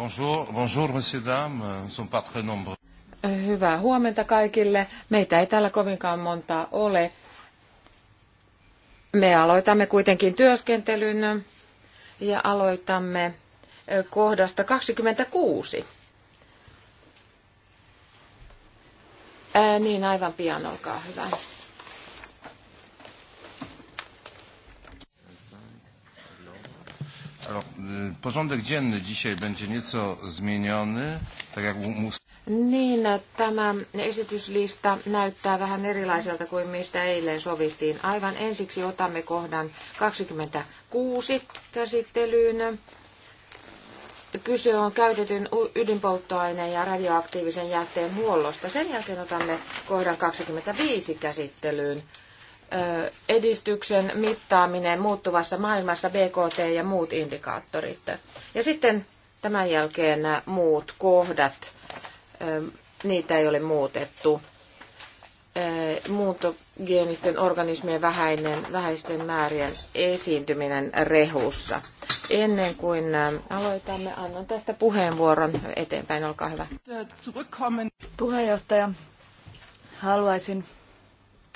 Bonjour, bonjour, pas très nombreux. Hyvää huomenta kaikille. Meitä ei täällä kovinkaan montaa ole. Me aloitamme kuitenkin työskentelyn ja aloitamme kohdasta 26. Ää, niin, aivan pian, olkaa hyvä. Porządek dzienny dzisiaj będzie nieco zmieniony, tak jak Niin, tämä esityslista näyttää vähän erilaiselta kuin mistä eilen sovittiin. Aivan ensiksi otamme kohdan 26 käsittelyyn. Kyse on käytetyn ydinpolttoaineen ja radioaktiivisen jätteen huollosta. Sen jälkeen otamme kohdan 25 käsittelyyn edistyksen mittaaminen muuttuvassa maailmassa, BKT ja muut indikaattorit. Ja sitten tämän jälkeen nämä muut kohdat, niitä ei ole muutettu. Muuntogeenisten organismien vähäinen, vähäisten määrien esiintyminen rehussa. Ennen kuin aloitamme, annan tästä puheenvuoron eteenpäin. Olkaa hyvä. Puheenjohtaja, haluaisin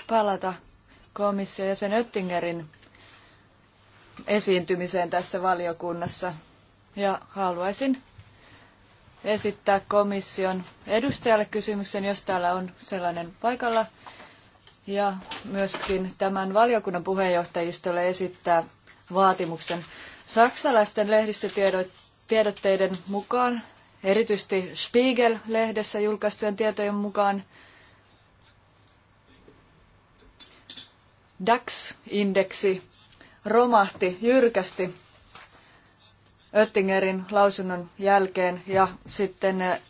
palata komission jäsen Öttingerin esiintymiseen tässä valiokunnassa. Ja haluaisin esittää komission edustajalle kysymyksen, jos täällä on sellainen paikalla. Ja myöskin tämän valiokunnan puheenjohtajistolle esittää vaatimuksen. Saksalaisten lehdistötiedotteiden mukaan, erityisesti Spiegel-lehdessä julkaistujen tietojen mukaan, DAX-indeksi romahti jyrkästi Oettingerin lausunnon jälkeen ja sitten eh,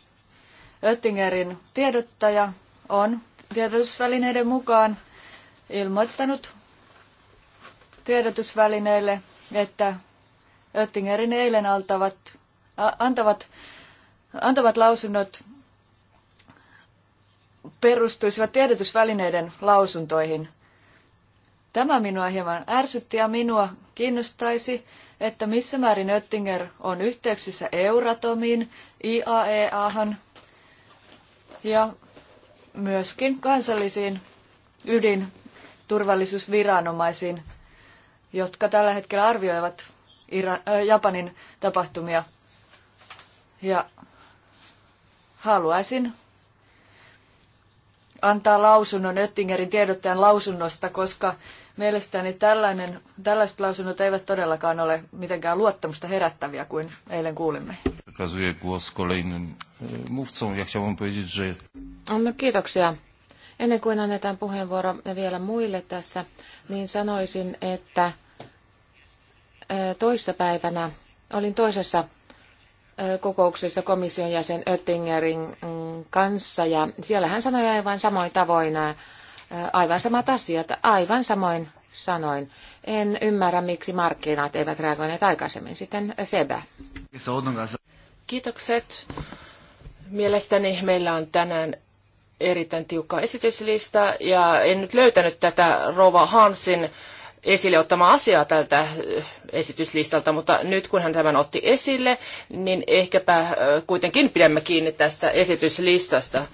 Oettingerin tiedottaja on tiedotusvälineiden mukaan ilmoittanut tiedotusvälineille, että Oettingerin eilen altavat, antavat, antavat lausunnot perustuisivat tiedotusvälineiden lausuntoihin. Tämä minua hieman ärsytti ja minua kiinnostaisi, että missä määrin Oettinger on yhteyksissä Euratomiin, IAEAhan ja myöskin kansallisiin ydinturvallisuusviranomaisiin, jotka tällä hetkellä arvioivat Japanin tapahtumia. Ja haluaisin antaa lausunnon Öttingerin tiedottajan lausunnosta, koska Mielestäni tällainen, tällaiset lausunnot eivät todellakaan ole mitenkään luottamusta herättäviä kuin eilen kuulimme. E, no kiitoksia. Ennen kuin annetaan puheenvuoro vielä muille tässä, niin sanoisin, että e, toissapäivänä olin toisessa e, kokouksessa komission jäsen Oettingerin mm, kanssa ja siellä hän sanoi aivan samoin tavoin Äh, aivan samat asiat, aivan samoin sanoin. En ymmärrä, miksi markkinat eivät reagoineet aikaisemmin. Sitten Sebä. Kiitokset. Mielestäni meillä on tänään erittäin tiukka esityslista ja en nyt löytänyt tätä Rova Hansin esille ottama asiaa tältä esityslistalta, mutta nyt kun hän tämän otti esille, niin ehkäpä äh, kuitenkin pidämme kiinni tästä esityslistasta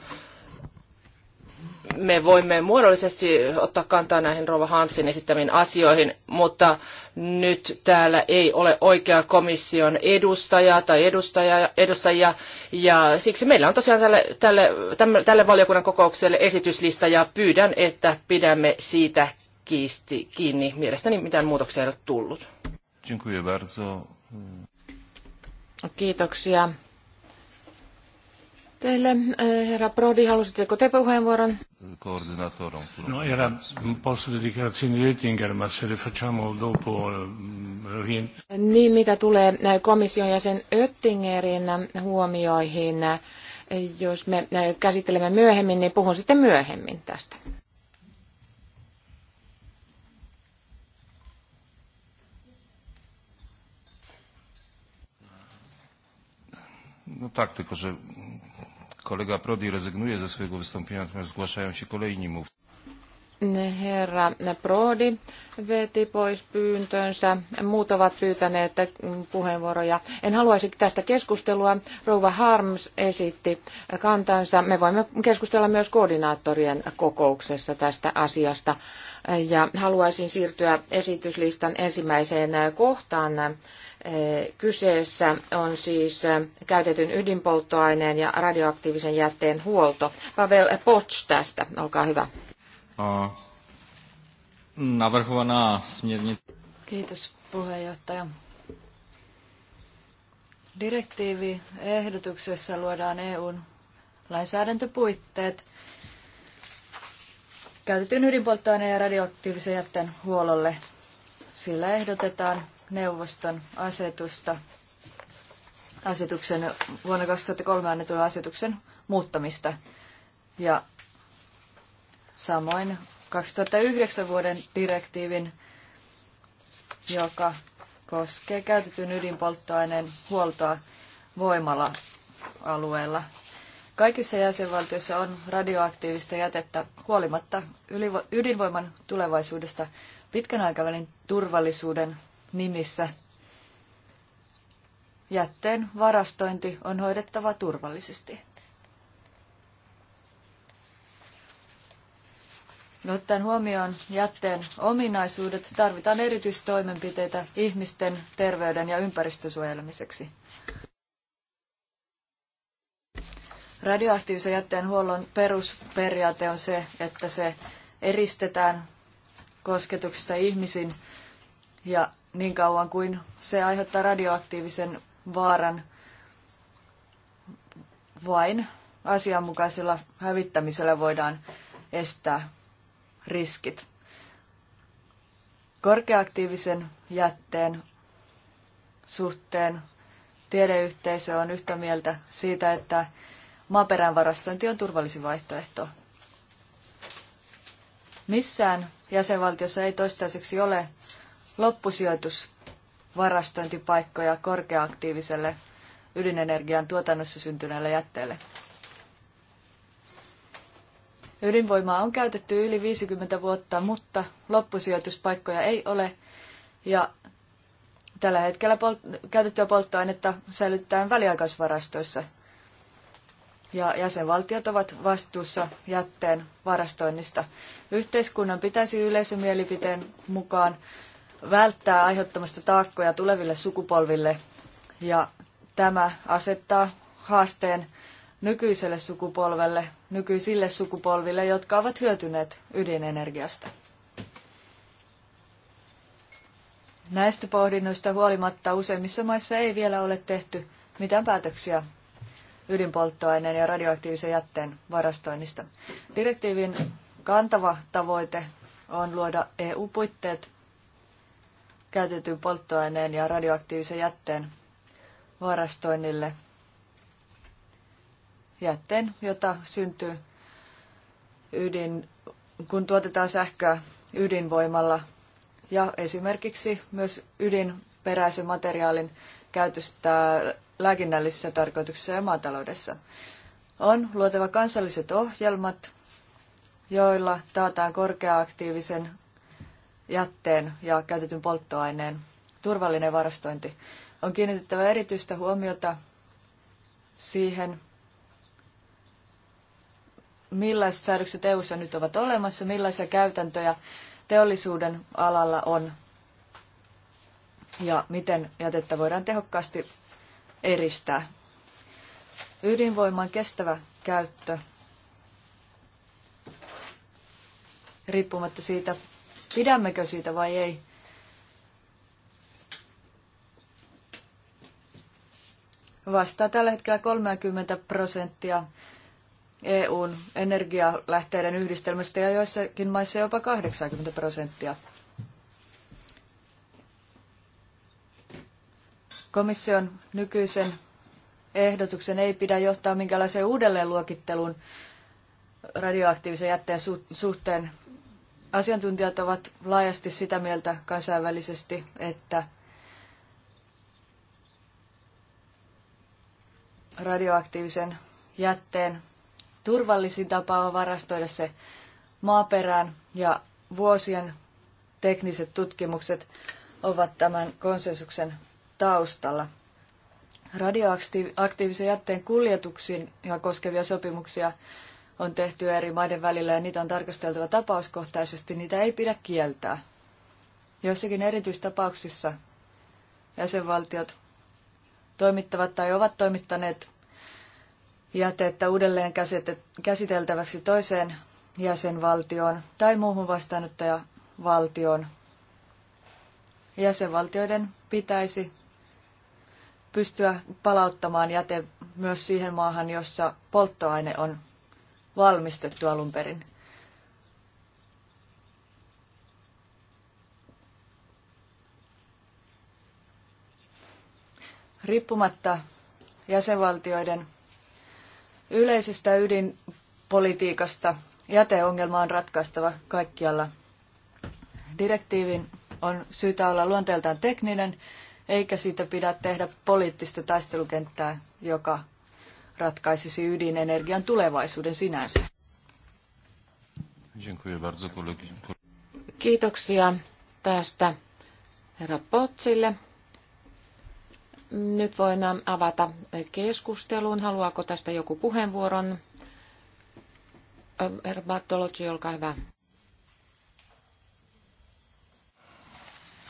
me voimme muodollisesti ottaa kantaa näihin Rova Hansin esittämiin asioihin, mutta nyt täällä ei ole oikea komission edustaja tai edustaja, edustajia, ja siksi meillä on tosiaan tälle, tälle, tälle, tälle valiokunnan kokoukselle esityslista, ja pyydän, että pidämme siitä kiisti, kiinni. Mielestäni mitään muutoksia ei ole tullut. Kiitoksia teille. Äh, herra Prodi, halusitteko te puheenvuoron? No, era un po' sulle dichiarazioni Oettinger, ma se le facciamo dopo... Eh, niin, mitä tulee äh, komission jäsen Oettingerin huomioihin, äh, jos me käsittelemme myöhemmin, niin puhun sitten myöhemmin tästä. No tak, tylko że Kolega Prodi rezygnuje ze swojego wystąpienia, natomiast zgłaszają się kolejni mówcy. Herra Prodi veti pois pyyntönsä. Muut ovat pyytäneet puheenvuoroja. En haluaisi tästä keskustelua. Rouva Harms esitti kantansa. Me voimme keskustella myös koordinaattorien kokouksessa tästä asiasta. Ja haluaisin siirtyä esityslistan ensimmäiseen kohtaan Eh, kyseessä on siis eh, käytetyn ydinpolttoaineen ja radioaktiivisen jätteen huolto. Pavel Potsch tästä, olkaa hyvä. Kiitos puheenjohtaja. Direktiivi ehdotuksessa luodaan EUn lainsäädäntöpuitteet käytetyn ydinpolttoaineen ja radioaktiivisen jätteen huollolle. Sillä ehdotetaan neuvoston asetusta, asetuksen, vuonna 2003 annetun asetuksen muuttamista. Ja samoin 2009 vuoden direktiivin, joka koskee käytetyn ydinpolttoaineen huoltoa voimala-alueella. Kaikissa jäsenvaltioissa on radioaktiivista jätettä huolimatta ydinvoiman tulevaisuudesta pitkän aikavälin turvallisuuden nimissä. Jätteen varastointi on hoidettava turvallisesti. No, ottaen huomioon jätteen ominaisuudet, tarvitaan erityistoimenpiteitä ihmisten terveyden ja ympäristösuojelemiseksi. Radioaktiivisen jätteen huollon perusperiaate on se, että se eristetään kosketuksesta ihmisiin ja niin kauan kuin se aiheuttaa radioaktiivisen vaaran vain asianmukaisella hävittämisellä voidaan estää riskit. Korkeaktiivisen jätteen suhteen tiedeyhteisö on yhtä mieltä siitä, että maaperän varastointi on turvallisin vaihtoehto. Missään jäsenvaltiossa ei toistaiseksi ole loppusijoitusvarastointipaikkoja korkeaaktiiviselle ydinenergian tuotannossa syntyneelle jätteelle. Ydinvoimaa on käytetty yli 50 vuotta, mutta loppusijoituspaikkoja ei ole ja tällä hetkellä polt- käytettyä polttoainetta säilytetään väliaikaisvarastoissa. Ja jäsenvaltiot ovat vastuussa jätteen varastoinnista. Yhteiskunnan pitäisi yleisömielipiteen mukaan välttää aiheuttamasta taakkoja tuleville sukupolville. Ja tämä asettaa haasteen nykyiselle sukupolvelle, nykyisille sukupolville, jotka ovat hyötyneet ydinenergiasta. Näistä pohdinnoista huolimatta useimmissa maissa ei vielä ole tehty mitään päätöksiä ydinpolttoaineen ja radioaktiivisen jätteen varastoinnista. Direktiivin kantava tavoite on luoda EU-puitteet käytetyn polttoaineen ja radioaktiivisen jätteen varastoinnille. Jätteen, jota syntyy ydin, kun tuotetaan sähköä ydinvoimalla ja esimerkiksi myös ydinperäisen materiaalin käytöstä lääkinnällisissä tarkoituksissa ja maataloudessa. On luotava kansalliset ohjelmat, joilla taataan korkeaaktiivisen jätteen ja käytetyn polttoaineen turvallinen varastointi. On kiinnitettävä erityistä huomiota siihen, millaiset säädökset EU:ssa nyt ovat olemassa, millaisia käytäntöjä teollisuuden alalla on ja miten jätettä voidaan tehokkaasti eristää. Ydinvoiman kestävä käyttö, riippumatta siitä, pidämmekö siitä vai ei. Vastaa tällä hetkellä 30 prosenttia EUn energialähteiden yhdistelmästä ja joissakin maissa jopa 80 prosenttia. Komission nykyisen ehdotuksen ei pidä johtaa minkälaiseen uudelleenluokitteluun radioaktiivisen jätteen suhteen Asiantuntijat ovat laajasti sitä mieltä kansainvälisesti, että radioaktiivisen jätteen turvallisin tapa on varastoida se maaperään ja vuosien tekniset tutkimukset ovat tämän konsensuksen taustalla. Radioaktiivisen jätteen kuljetuksia koskevia sopimuksia on tehty eri maiden välillä ja niitä on tarkasteltava tapauskohtaisesti, niitä ei pidä kieltää. Joissakin erityistapauksissa jäsenvaltiot toimittavat tai ovat toimittaneet jätettä uudelleen käsiteltäväksi toiseen jäsenvaltioon tai muuhun vastaanottajavaltioon. Jäsenvaltioiden pitäisi pystyä palauttamaan jäte myös siihen maahan, jossa polttoaine on valmistettu alun perin. Riippumatta jäsenvaltioiden yleisestä ydinpolitiikasta jäteongelma on ratkaistava kaikkialla. Direktiivin on syytä olla luonteeltaan tekninen, eikä siitä pidä tehdä poliittista taistelukenttää, joka ratkaisisi ydinenergian tulevaisuuden sinänsä. Kiitoksia tästä herra Potsille. Nyt voin avata keskustelun. Haluaako tästä joku puheenvuoron? Herra Bartolocci, olkaa hyvä.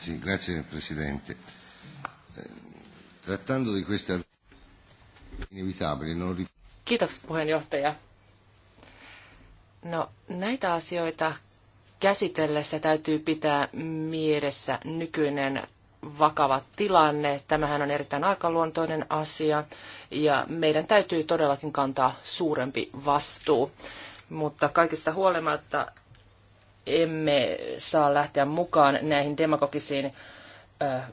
Sì, grazie Presidente. Eh, trattando di questa... Kiitoksia puheenjohtaja. No, näitä asioita käsitellessä täytyy pitää mielessä nykyinen vakava tilanne. Tämähän on erittäin aikaluontoinen asia ja meidän täytyy todellakin kantaa suurempi vastuu. Mutta kaikista huolimatta emme saa lähteä mukaan näihin demagogisiin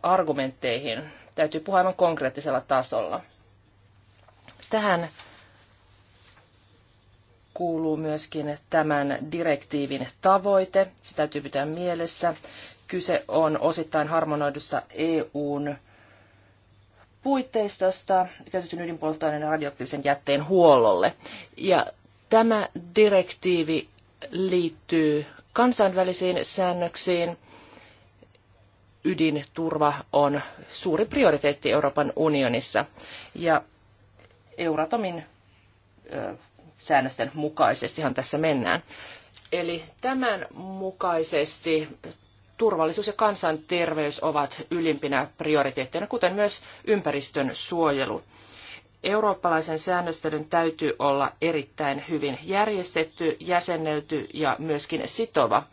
argumentteihin. Täytyy puhua aivan konkreettisella tasolla. Tähän kuuluu myöskin tämän direktiivin tavoite. Sitä täytyy pitää mielessä. Kyse on osittain harmonoidusta EUn puitteistosta käytetyn ydinpolttoaineen radioaktiivisen jätteen huollolle. Ja tämä direktiivi liittyy kansainvälisiin säännöksiin. Ydinturva on suuri prioriteetti Euroopan unionissa. Ja Euratomin säännösten mukaisestihan tässä mennään. Eli tämän mukaisesti turvallisuus ja kansanterveys ovat ylimpinä prioriteetteina, kuten myös ympäristön suojelu. Eurooppalaisen säännöstelyn täytyy olla erittäin hyvin järjestetty, jäsennelty ja myöskin sitova.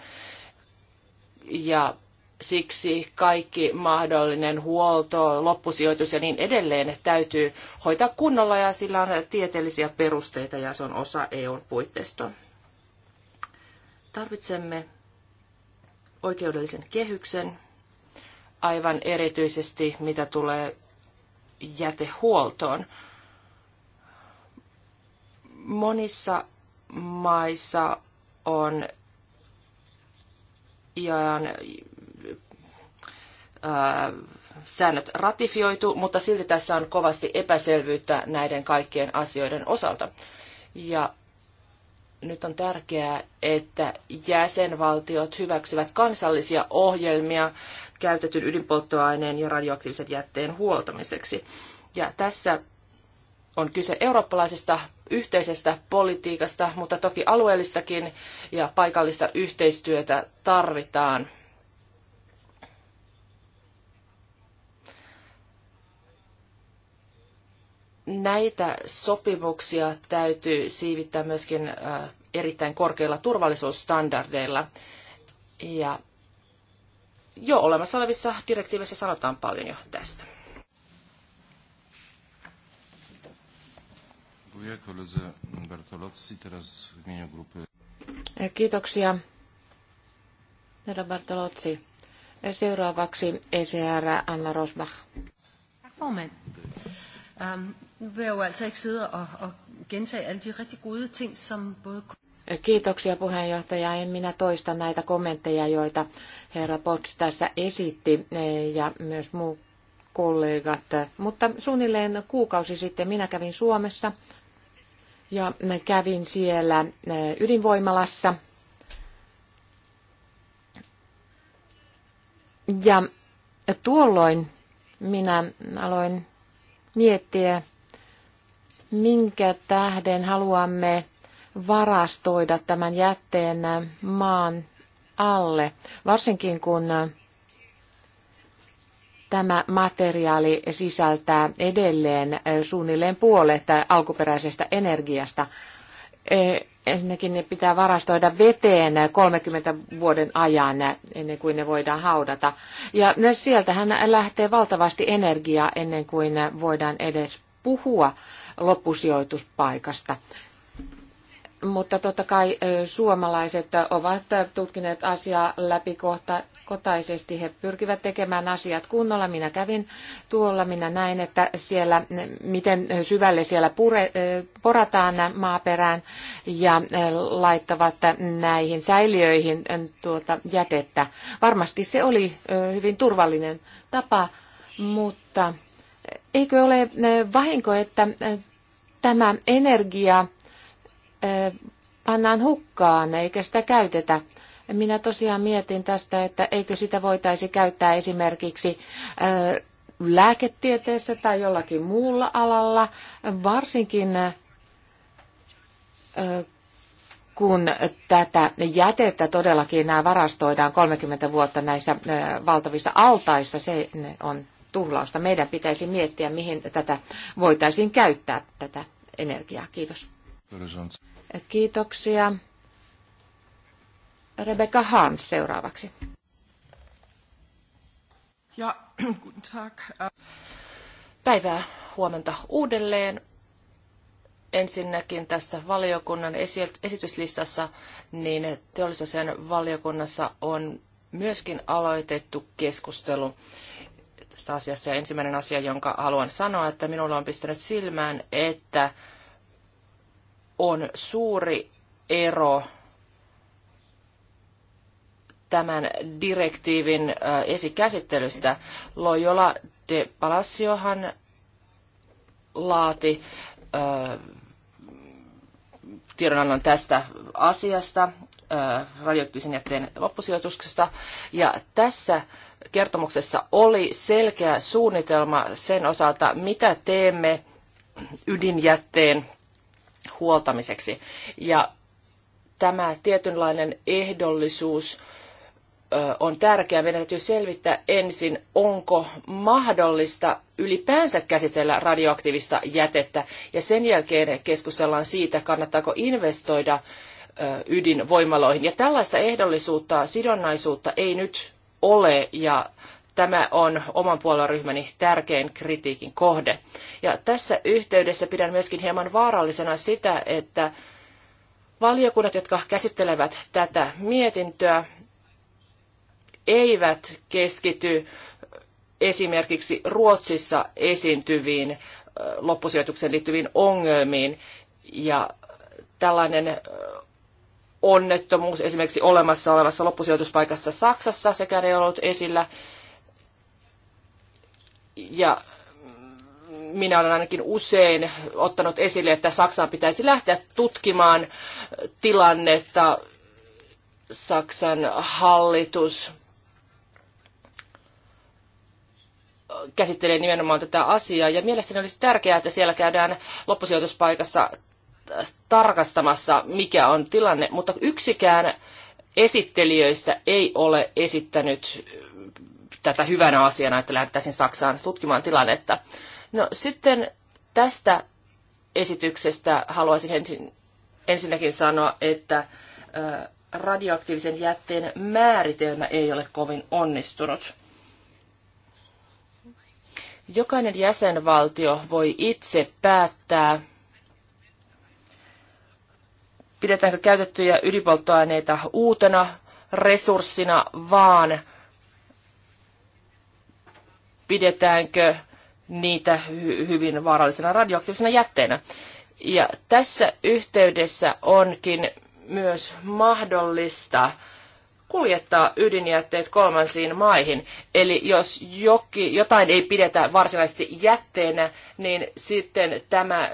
Ja Siksi kaikki mahdollinen huolto, loppusijoitus ja niin edelleen täytyy hoitaa kunnolla ja sillä on tieteellisiä perusteita ja se on osa EUn puitteistoa. Tarvitsemme oikeudellisen kehyksen, aivan erityisesti mitä tulee jätehuoltoon. Monissa maissa on ihan Äh, säännöt ratifioitu, mutta silti tässä on kovasti epäselvyyttä näiden kaikkien asioiden osalta. Ja nyt on tärkeää, että jäsenvaltiot hyväksyvät kansallisia ohjelmia käytetyn ydinpolttoaineen ja radioaktiivisen jätteen huoltamiseksi. Ja tässä on kyse eurooppalaisesta yhteisestä politiikasta, mutta toki alueellistakin ja paikallista yhteistyötä tarvitaan näitä sopimuksia täytyy siivittää myöskin äh, erittäin korkeilla turvallisuusstandardeilla. Ja jo olemassa olevissa direktiiveissä sanotaan paljon jo tästä. E, kiitoksia, herra Bartolozzi. E, seuraavaksi ECR Anna Rosbach. Um, Nu vil jeg jo altså ikke sidde og, og gentage alle de rigtig gode ting, som både... Kiitoksia puheenjohtaja. En minä toista näitä kommentteja, joita herra Pots tässä esitti eh, ja myös muu kollegat. Mutta suunnilleen kuukausi sitten minä kävin Suomessa ja kävin siellä eh, ydinvoimalassa. Ja tuolloin minä aloin miettiä minkä tähden haluamme varastoida tämän jätteen maan alle, varsinkin kun tämä materiaali sisältää edelleen suunnilleen puolet alkuperäisestä energiasta. E, ensinnäkin ne pitää varastoida veteen 30 vuoden ajan ennen kuin ne voidaan haudata. Ja sieltähän lähtee valtavasti energiaa ennen kuin voidaan edes puhua loppusijoituspaikasta. Mutta totta kai suomalaiset ovat tutkineet asiaa kotaisesti He pyrkivät tekemään asiat kunnolla. Minä kävin tuolla, minä näin, että siellä, miten syvälle siellä pure, porataan maaperään ja laittavat näihin säiliöihin tuota jätettä. Varmasti se oli hyvin turvallinen tapa, mutta eikö ole äh, vahinko, että äh, tämä energia äh, pannaan hukkaan eikä sitä käytetä? Minä tosiaan mietin tästä, että eikö sitä voitaisi käyttää esimerkiksi lääketieteessä tai jollakin muulla alalla, varsinkin kun tätä jätettä todellakin nämä varastoidaan 30 vuotta näissä valtavissa altaissa, se on tuhlausta. Meidän pitäisi miettiä, mihin tätä voitaisiin käyttää, tätä energiaa. Kiitos. Kiitoksia. Rebecca Hahn seuraavaksi. Ja, Päivää huomenta uudelleen. Ensinnäkin tässä valiokunnan esityslistassa, niin teollisuuden valiokunnassa on myöskin aloitettu keskustelu tästä asiasta. Ja ensimmäinen asia, jonka haluan sanoa, että minulla on pistänyt silmään, että on suuri ero tämän direktiivin esikäsittelystä. Loyola de Palaciohan laati tiedonannon tästä asiasta, radioaktiivisen jätteen loppusijoituksesta. Ja tässä kertomuksessa oli selkeä suunnitelma sen osalta, mitä teemme ydinjätteen huoltamiseksi. Ja tämä tietynlainen ehdollisuus on tärkeää. Meidän täytyy selvittää ensin, onko mahdollista ylipäänsä käsitellä radioaktiivista jätettä. Ja sen jälkeen keskustellaan siitä, kannattaako investoida ydinvoimaloihin. Ja tällaista ehdollisuutta, sidonnaisuutta ei nyt ole ja tämä on oman puolueryhmäni tärkein kritiikin kohde. Ja tässä yhteydessä pidän myöskin hieman vaarallisena sitä, että valiokunnat, jotka käsittelevät tätä mietintöä, eivät keskity esimerkiksi Ruotsissa esiintyviin loppusijoitukseen liittyviin ongelmiin ja tällainen onnettomuus esimerkiksi olemassa olevassa loppusijoituspaikassa Saksassa, sekä ei ollut esillä. Ja minä olen ainakin usein ottanut esille, että Saksaan pitäisi lähteä tutkimaan tilannetta. Saksan hallitus käsittelee nimenomaan tätä asiaa. Ja mielestäni olisi tärkeää, että siellä käydään loppusijoituspaikassa tarkastamassa, mikä on tilanne, mutta yksikään esittelijöistä ei ole esittänyt tätä hyvänä asiana, että lähdettäisiin Saksaan tutkimaan tilannetta. No sitten tästä esityksestä haluaisin ensin, ensinnäkin sanoa, että radioaktiivisen jätteen määritelmä ei ole kovin onnistunut. Jokainen jäsenvaltio voi itse päättää, pidetäänkö käytettyjä ydinpolttoaineita uutena resurssina, vaan pidetäänkö niitä hy- hyvin vaarallisena radioaktiivisena jätteenä. Ja tässä yhteydessä onkin myös mahdollista kuljettaa ydinjätteet kolmansiin maihin. Eli jos jokin, jotain ei pidetä varsinaisesti jätteenä, niin sitten tämä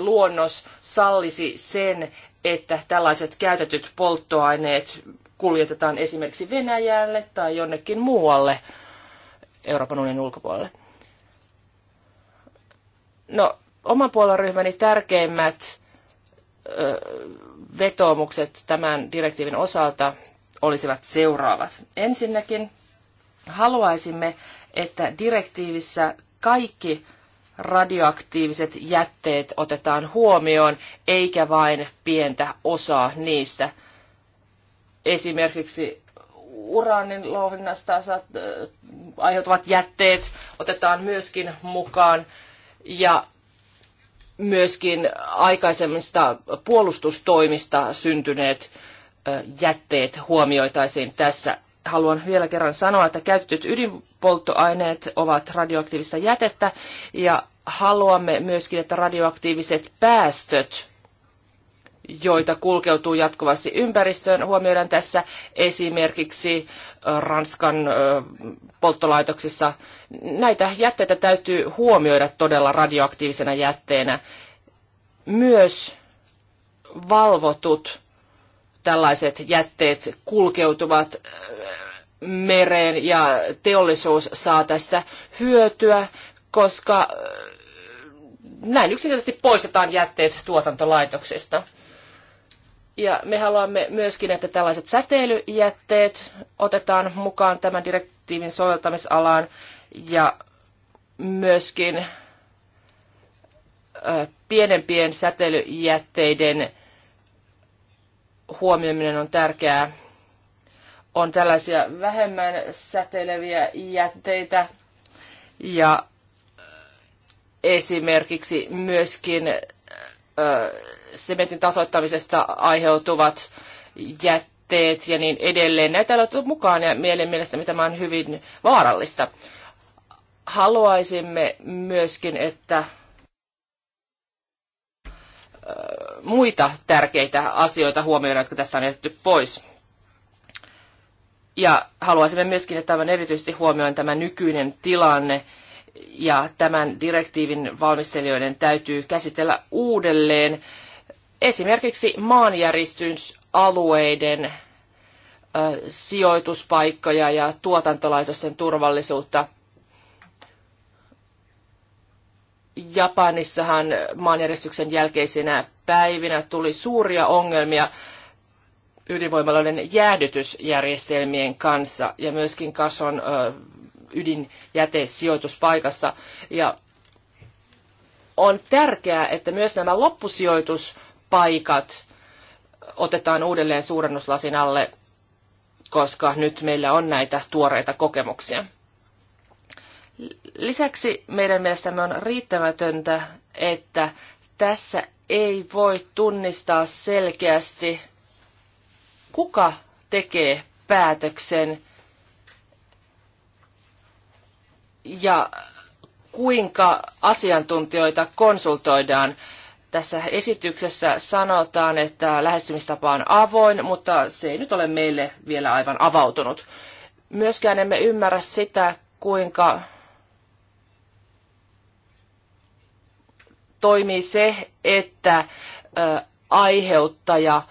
luonnos sallisi sen, että tällaiset käytetyt polttoaineet kuljetetaan esimerkiksi Venäjälle tai jonnekin muualle Euroopan unionin ulkopuolelle. No, oman puolueryhmäni tärkeimmät ö, vetoomukset tämän direktiivin osalta olisivat seuraavat. Ensinnäkin haluaisimme, että direktiivissä kaikki radioaktiiviset jätteet otetaan huomioon, eikä vain pientä osaa niistä. Esimerkiksi uraanin louhinnasta aiheutuvat jätteet otetaan myöskin mukaan ja myöskin aikaisemmista puolustustoimista syntyneet jätteet huomioitaisiin tässä. Haluan vielä kerran sanoa, että käytetyt ydin polttoaineet ovat radioaktiivista jätettä ja haluamme myöskin, että radioaktiiviset päästöt joita kulkeutuu jatkuvasti ympäristöön. Huomioidaan tässä esimerkiksi Ranskan polttolaitoksissa. Näitä jätteitä täytyy huomioida todella radioaktiivisena jätteenä. Myös valvotut tällaiset jätteet kulkeutuvat mereen ja teollisuus saa tästä hyötyä, koska äh, näin yksinkertaisesti poistetaan jätteet tuotantolaitoksista. Ja me haluamme myöskin, että tällaiset säteilyjätteet otetaan mukaan tämän direktiivin soveltamisalaan ja myöskin äh, pienempien säteilyjätteiden huomioiminen on tärkeää on tällaisia vähemmän säteileviä jätteitä ja esimerkiksi myöskin sementin tasoittamisesta aiheutuvat jätteet ja niin edelleen. Näitä ei ole mukaan ja mielestä, mitä on hyvin vaarallista. Haluaisimme myöskin, että muita tärkeitä asioita huomioidaan, jotka tästä on jätetty pois. Ja haluaisimme myöskin, että tämän erityisesti huomioon tämä nykyinen tilanne, ja tämän direktiivin valmistelijoiden täytyy käsitellä uudelleen esimerkiksi maanjäristysalueiden sijoituspaikkoja ja tuotantolaitosten turvallisuutta. Japanissahan maanjäristyksen jälkeisinä päivinä tuli suuria ongelmia ydinvoimaloiden jäädytysjärjestelmien kanssa ja myöskin Kason ydinjätesijoituspaikassa. Ja on tärkeää, että myös nämä loppusijoituspaikat otetaan uudelleen suurennuslasin alle, koska nyt meillä on näitä tuoreita kokemuksia. Lisäksi meidän mielestämme on riittämätöntä, että tässä ei voi tunnistaa selkeästi kuka tekee päätöksen ja kuinka asiantuntijoita konsultoidaan. Tässä esityksessä sanotaan, että lähestymistapa on avoin, mutta se ei nyt ole meille vielä aivan avautunut. Myöskään emme ymmärrä sitä, kuinka toimii se, että aiheuttaja –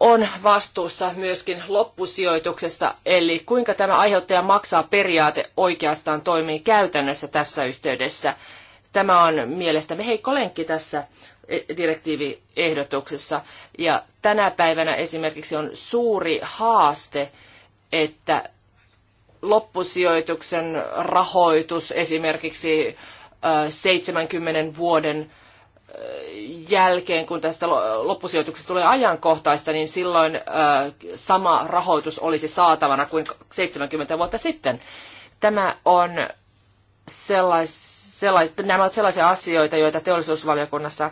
on vastuussa myöskin loppusijoituksesta, eli kuinka tämä aiheuttaja maksaa periaate oikeastaan toimii käytännössä tässä yhteydessä. Tämä on mielestämme heikko lenkki tässä e, direktiiviehdotuksessa. Ja tänä päivänä esimerkiksi on suuri haaste, että loppusijoituksen rahoitus esimerkiksi 70 vuoden jälkeen, kun tästä loppusijoituksesta tulee ajankohtaista, niin silloin sama rahoitus olisi saatavana kuin 70 vuotta sitten. Tämä on sellais, sellais, nämä ovat sellaisia asioita, joita teollisuusvaliokunnassa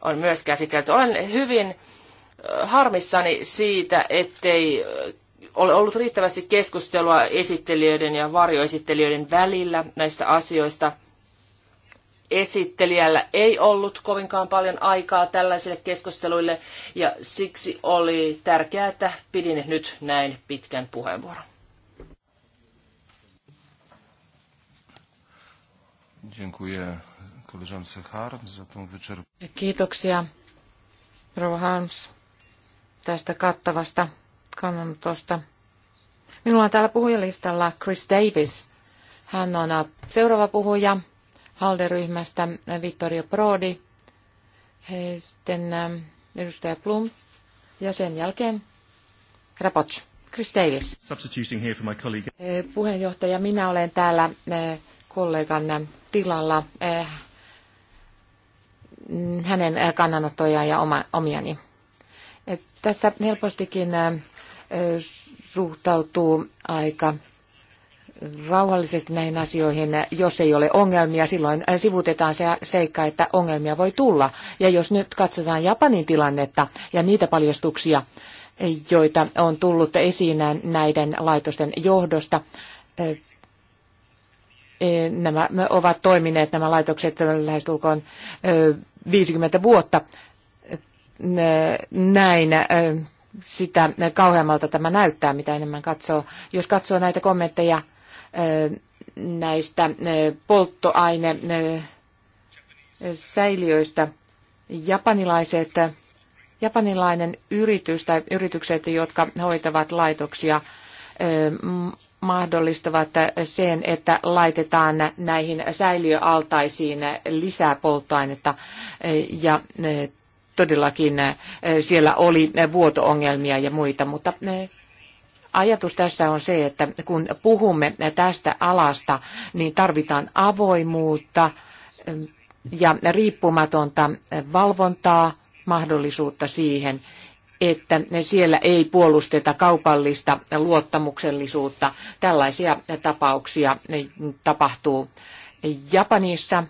on myös käsitelty. Olen hyvin harmissani siitä, ettei ole ollut riittävästi keskustelua esittelijöiden ja varjoesittelijöiden välillä näistä asioista – esittelijällä ei ollut kovinkaan paljon aikaa tällaisille keskusteluille ja siksi oli tärkeää, että pidin nyt näin pitkän puheenvuoron. Kiitoksia, Rova Harms, tästä kattavasta kannanotosta. Minulla on täällä puhujalistalla Chris Davis. Hän on äh, seuraava puhuja. HALDE-ryhmästä äh, Vittorio Prodi, sitten äh, edustaja Plum ja sen jälkeen Rapots. Chris Davis. Substituting here for my colleague. Äh, puheenjohtaja, minä olen täällä kollegan tilalla hänen kannanottojaan ja omiani. Tässä helpostikin suhtautuu aika rauhallisesti näihin asioihin. Jos ei ole ongelmia, silloin äh, sivutetaan se seikka, että ongelmia voi tulla. Ja jos nyt katsotaan Japanin tilannetta ja niitä paljastuksia, joita on tullut esiin näiden laitosten johdosta, äh, eh, nämä ovat toimineet nämä laitokset lähestulkoon 50 äh, vuotta näin sitä kauheammalta tämä näyttää, mitä enemmän katsoo. Jos katsoo näitä kommentteja näistä polttoaine säiliöistä. Japanilaiset, japanilainen yritys tai yritykset, jotka hoitavat laitoksia, mahdollistavat sen, että laitetaan näihin säiliöaltaisiin lisää polttoainetta ja todellakin siellä oli vuotoongelmia ja muita, mutta Ajatus tässä on se, että kun puhumme tästä alasta, niin tarvitaan avoimuutta ja riippumatonta valvontaa, mahdollisuutta siihen, että siellä ei puolusteta kaupallista luottamuksellisuutta. Tällaisia tapauksia tapahtuu Japanissa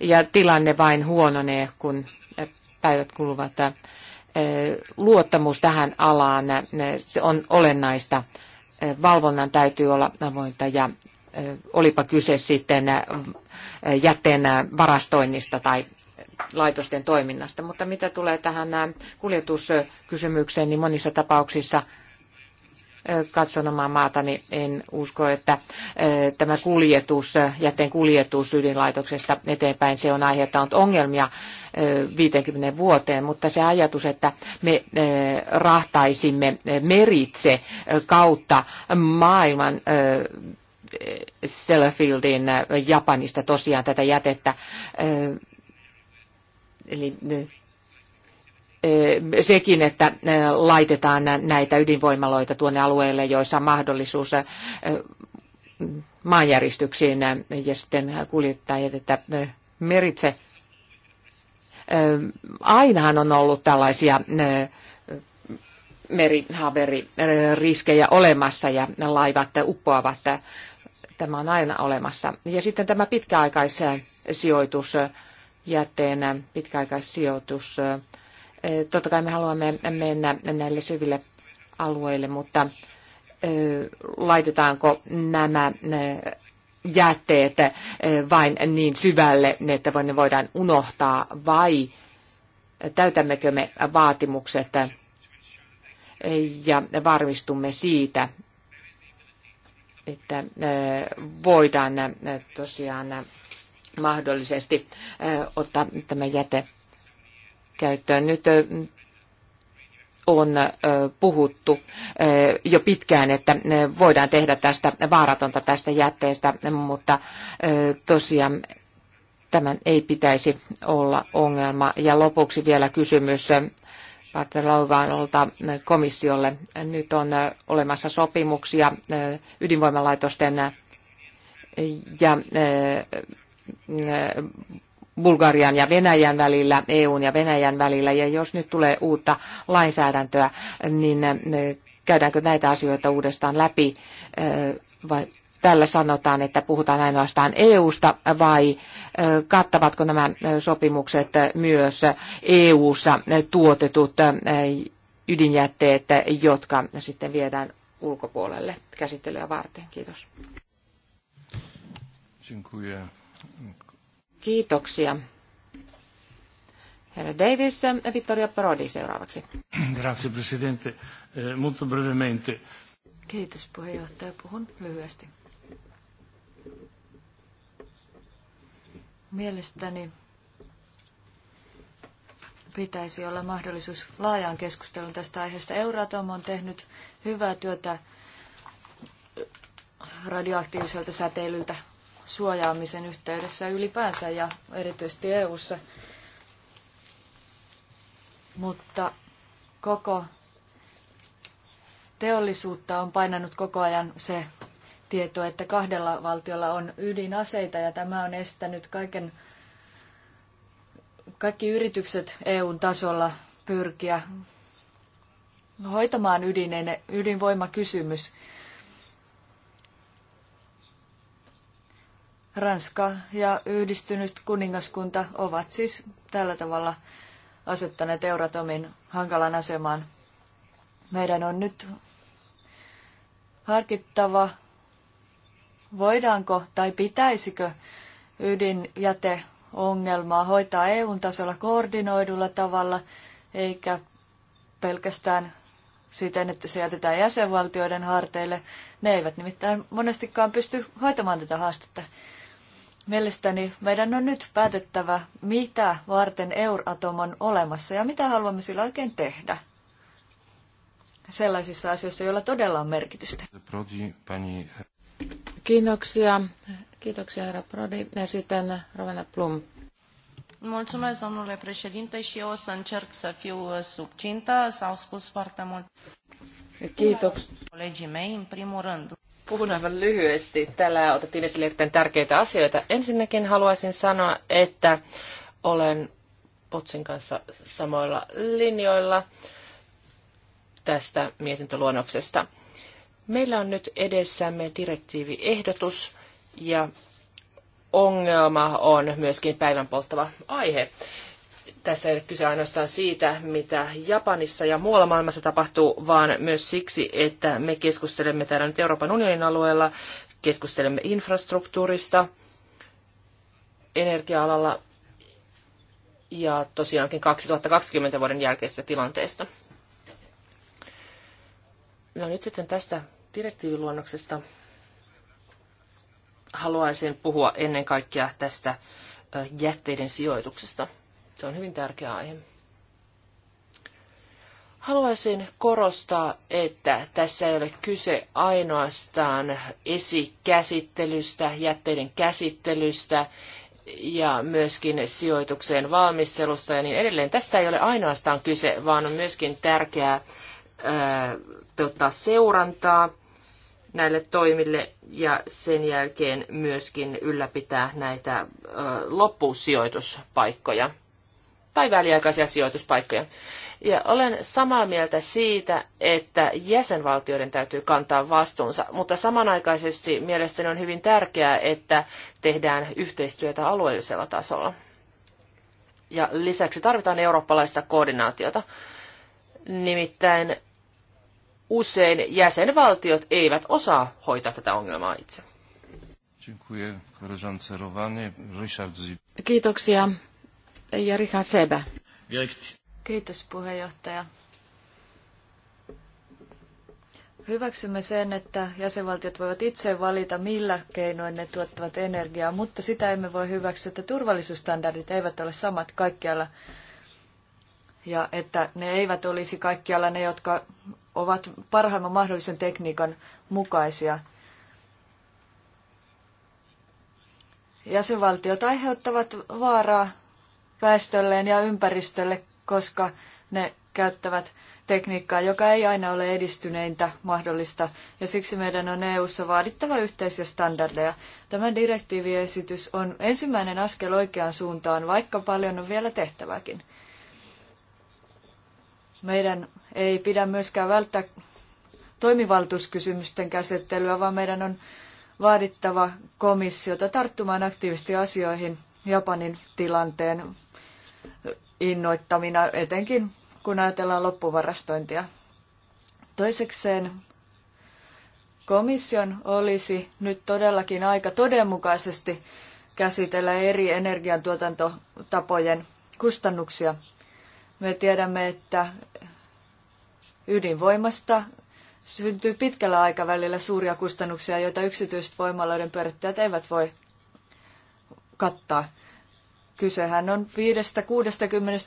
ja tilanne vain huononee, kun päivät kuluvat luottamus tähän alaan se on olennaista. Valvonnan täytyy olla avointa ja olipa kyse sitten jätteen varastoinnista tai laitosten toiminnasta. Mutta mitä tulee tähän kuljetuskysymykseen, niin monissa tapauksissa – katson omaa maatani, en usko, että tämä kuljetus, jätteen kuljetus ydinlaitoksesta eteenpäin, se on aiheuttanut ongelmia 50 vuoteen, mutta se ajatus, että me rahtaisimme meritse kautta maailman Sellafieldin Japanista tosiaan tätä jätettä, eli sekin, että laitetaan näitä ydinvoimaloita tuonne alueelle, joissa on mahdollisuus maanjäristyksiin ja sitten kuljettajat, että meritse. Ainahan on ollut tällaisia merihaveririskejä olemassa ja laivat uppoavat. Tämä on aina olemassa. Ja sitten tämä pitkäaikaissijoitus, jätteenä, pitkäaikaissijoitus, sijoitus Totta kai me haluamme mennä näille syville alueille, mutta laitetaanko nämä jätteet vain niin syvälle, että ne voidaan unohtaa, vai täytämmekö me vaatimukset ja varmistumme siitä, että voidaan tosiaan mahdollisesti ottaa tämä jäte käyttöön. Nyt on puhuttu jo pitkään, että voidaan tehdä tästä vaaratonta tästä jätteestä, mutta tosiaan tämän ei pitäisi olla ongelma. Ja lopuksi vielä kysymys Bartelovanolta komissiolle. Nyt on olemassa sopimuksia ydinvoimalaitosten ja Bulgarian ja Venäjän välillä, EUn ja Venäjän välillä, ja jos nyt tulee uutta lainsäädäntöä, niin äh, käydäänkö näitä asioita uudestaan läpi, äh, vai tällä sanotaan, että puhutaan ainoastaan EUsta, vai äh, kattavatko nämä sopimukset myös EUssa tuotetut ydinjätteet, jotka sitten viedään ulkopuolelle käsittelyä varten. Kiitos. Dziękuję Kiitoksia. Herra Davis, Vittoria Parodi seuraavaksi. Grazie, Presidente. Eh, molto brevemente. Kiitos puheenjohtaja. Puhun lyhyesti. Mielestäni pitäisi olla mahdollisuus laajaan keskusteluun tästä aiheesta. Euratom on tehnyt hyvää työtä radioaktiiviselta säteilyltä suojaamisen yhteydessä ylipäänsä ja erityisesti EU:ssa. Mutta koko teollisuutta on painanut koko ajan se tieto, että kahdella valtiolla on ydinaseita ja tämä on estänyt kaiken, kaikki yritykset EUn tasolla pyrkiä hoitamaan ydin, ydinvoimakysymys. Ranska ja yhdistynyt kuningaskunta ovat siis tällä tavalla asettaneet Euratomin hankalan asemaan. Meidän on nyt harkittava, voidaanko tai pitäisikö ydinjäteongelmaa hoitaa EU-tasolla koordinoidulla tavalla, eikä pelkästään siten, että se jätetään jäsenvaltioiden harteille. Ne eivät nimittäin monestikaan pysty hoitamaan tätä haastetta. Mielestäni meidän on nyt päätettävä, mitä varten Euratom on olemassa ja mitä haluamme sillä oikein tehdä sellaisissa asioissa, joilla todella on merkitystä. Kiitoksia. Kiitoksia, herra Prodi. Ja sitten Rovena Plum. Mulțumesc, domnule președinte, și eu o să încerc să fiu uh, subcintă. S-au spus foarte mult. Kiitoksia. Colegii mei, în primul rând. Puhun aivan lyhyesti. Täällä otettiin esille erittäin tärkeitä asioita. Ensinnäkin haluaisin sanoa, että olen Potsin kanssa samoilla linjoilla tästä mietintöluonnoksesta. Meillä on nyt edessämme direktiiviehdotus ja ongelma on myöskin päivän polttava aihe tässä ei ole kyse ainoastaan siitä, mitä Japanissa ja muualla maailmassa tapahtuu, vaan myös siksi, että me keskustelemme täällä nyt Euroopan unionin alueella, keskustelemme infrastruktuurista, energia-alalla ja tosiaankin 2020 vuoden jälkeisestä tilanteesta. No nyt sitten tästä direktiiviluonnoksesta haluaisin puhua ennen kaikkea tästä jätteiden sijoituksesta. Se on hyvin tärkeä aihe. Haluaisin korostaa, että tässä ei ole kyse ainoastaan esikäsittelystä, jätteiden käsittelystä ja myöskin sijoitukseen valmistelusta ja niin edelleen. Tästä ei ole ainoastaan kyse, vaan on myöskin tärkeää ää, tota, seurantaa näille toimille ja sen jälkeen myöskin ylläpitää näitä ää, loppusijoituspaikkoja tai väliaikaisia sijoituspaikkoja. Ja olen samaa mieltä siitä, että jäsenvaltioiden täytyy kantaa vastuunsa, mutta samanaikaisesti mielestäni on hyvin tärkeää, että tehdään yhteistyötä alueellisella tasolla. Ja lisäksi tarvitaan eurooppalaista koordinaatiota. Nimittäin usein jäsenvaltiot eivät osaa hoitaa tätä ongelmaa itse. Kiitoksia ja Kiitos puheenjohtaja. Hyväksymme sen, että jäsenvaltiot voivat itse valita, millä keinoin ne tuottavat energiaa, mutta sitä emme voi hyväksyä, että turvallisuusstandardit eivät ole samat kaikkialla ja että ne eivät olisi kaikkialla ne, jotka ovat parhaimman mahdollisen tekniikan mukaisia. Jäsenvaltiot aiheuttavat vaaraa väestölleen ja ympäristölle, koska ne käyttävät tekniikkaa, joka ei aina ole edistyneintä mahdollista, ja siksi meidän on EU-ssa vaadittava yhteisiä standardeja. Tämä direktiiviesitys on ensimmäinen askel oikeaan suuntaan, vaikka paljon on vielä tehtävääkin. Meidän ei pidä myöskään välttää toimivaltuuskysymysten käsittelyä, vaan meidän on vaadittava komissiota tarttumaan aktiivisesti asioihin, Japanin tilanteen innoittamina, etenkin kun ajatellaan loppuvarastointia. Toisekseen komission olisi nyt todellakin aika todenmukaisesti käsitellä eri energiantuotantotapojen kustannuksia. Me tiedämme, että ydinvoimasta syntyy pitkällä aikavälillä suuria kustannuksia, joita yksityiset voimaloiden pyörittäjät eivät voi kattaa. Kysehän on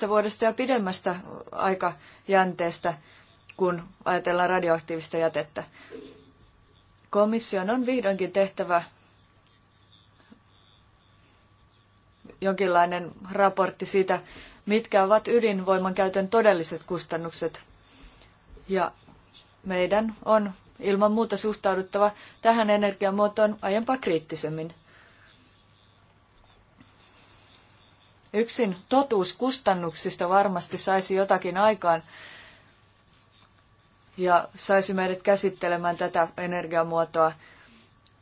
5-60 vuodesta ja pidemmästä aikajänteestä, kun ajatellaan radioaktiivista jätettä. Komission on vihdoinkin tehtävä jonkinlainen raportti siitä, mitkä ovat ydinvoiman käytön todelliset kustannukset. Ja meidän on ilman muuta suhtauduttava tähän energiamuotoon aiempaa kriittisemmin. Yksin totuus kustannuksista varmasti saisi jotakin aikaan ja saisi meidät käsittelemään tätä energiamuotoa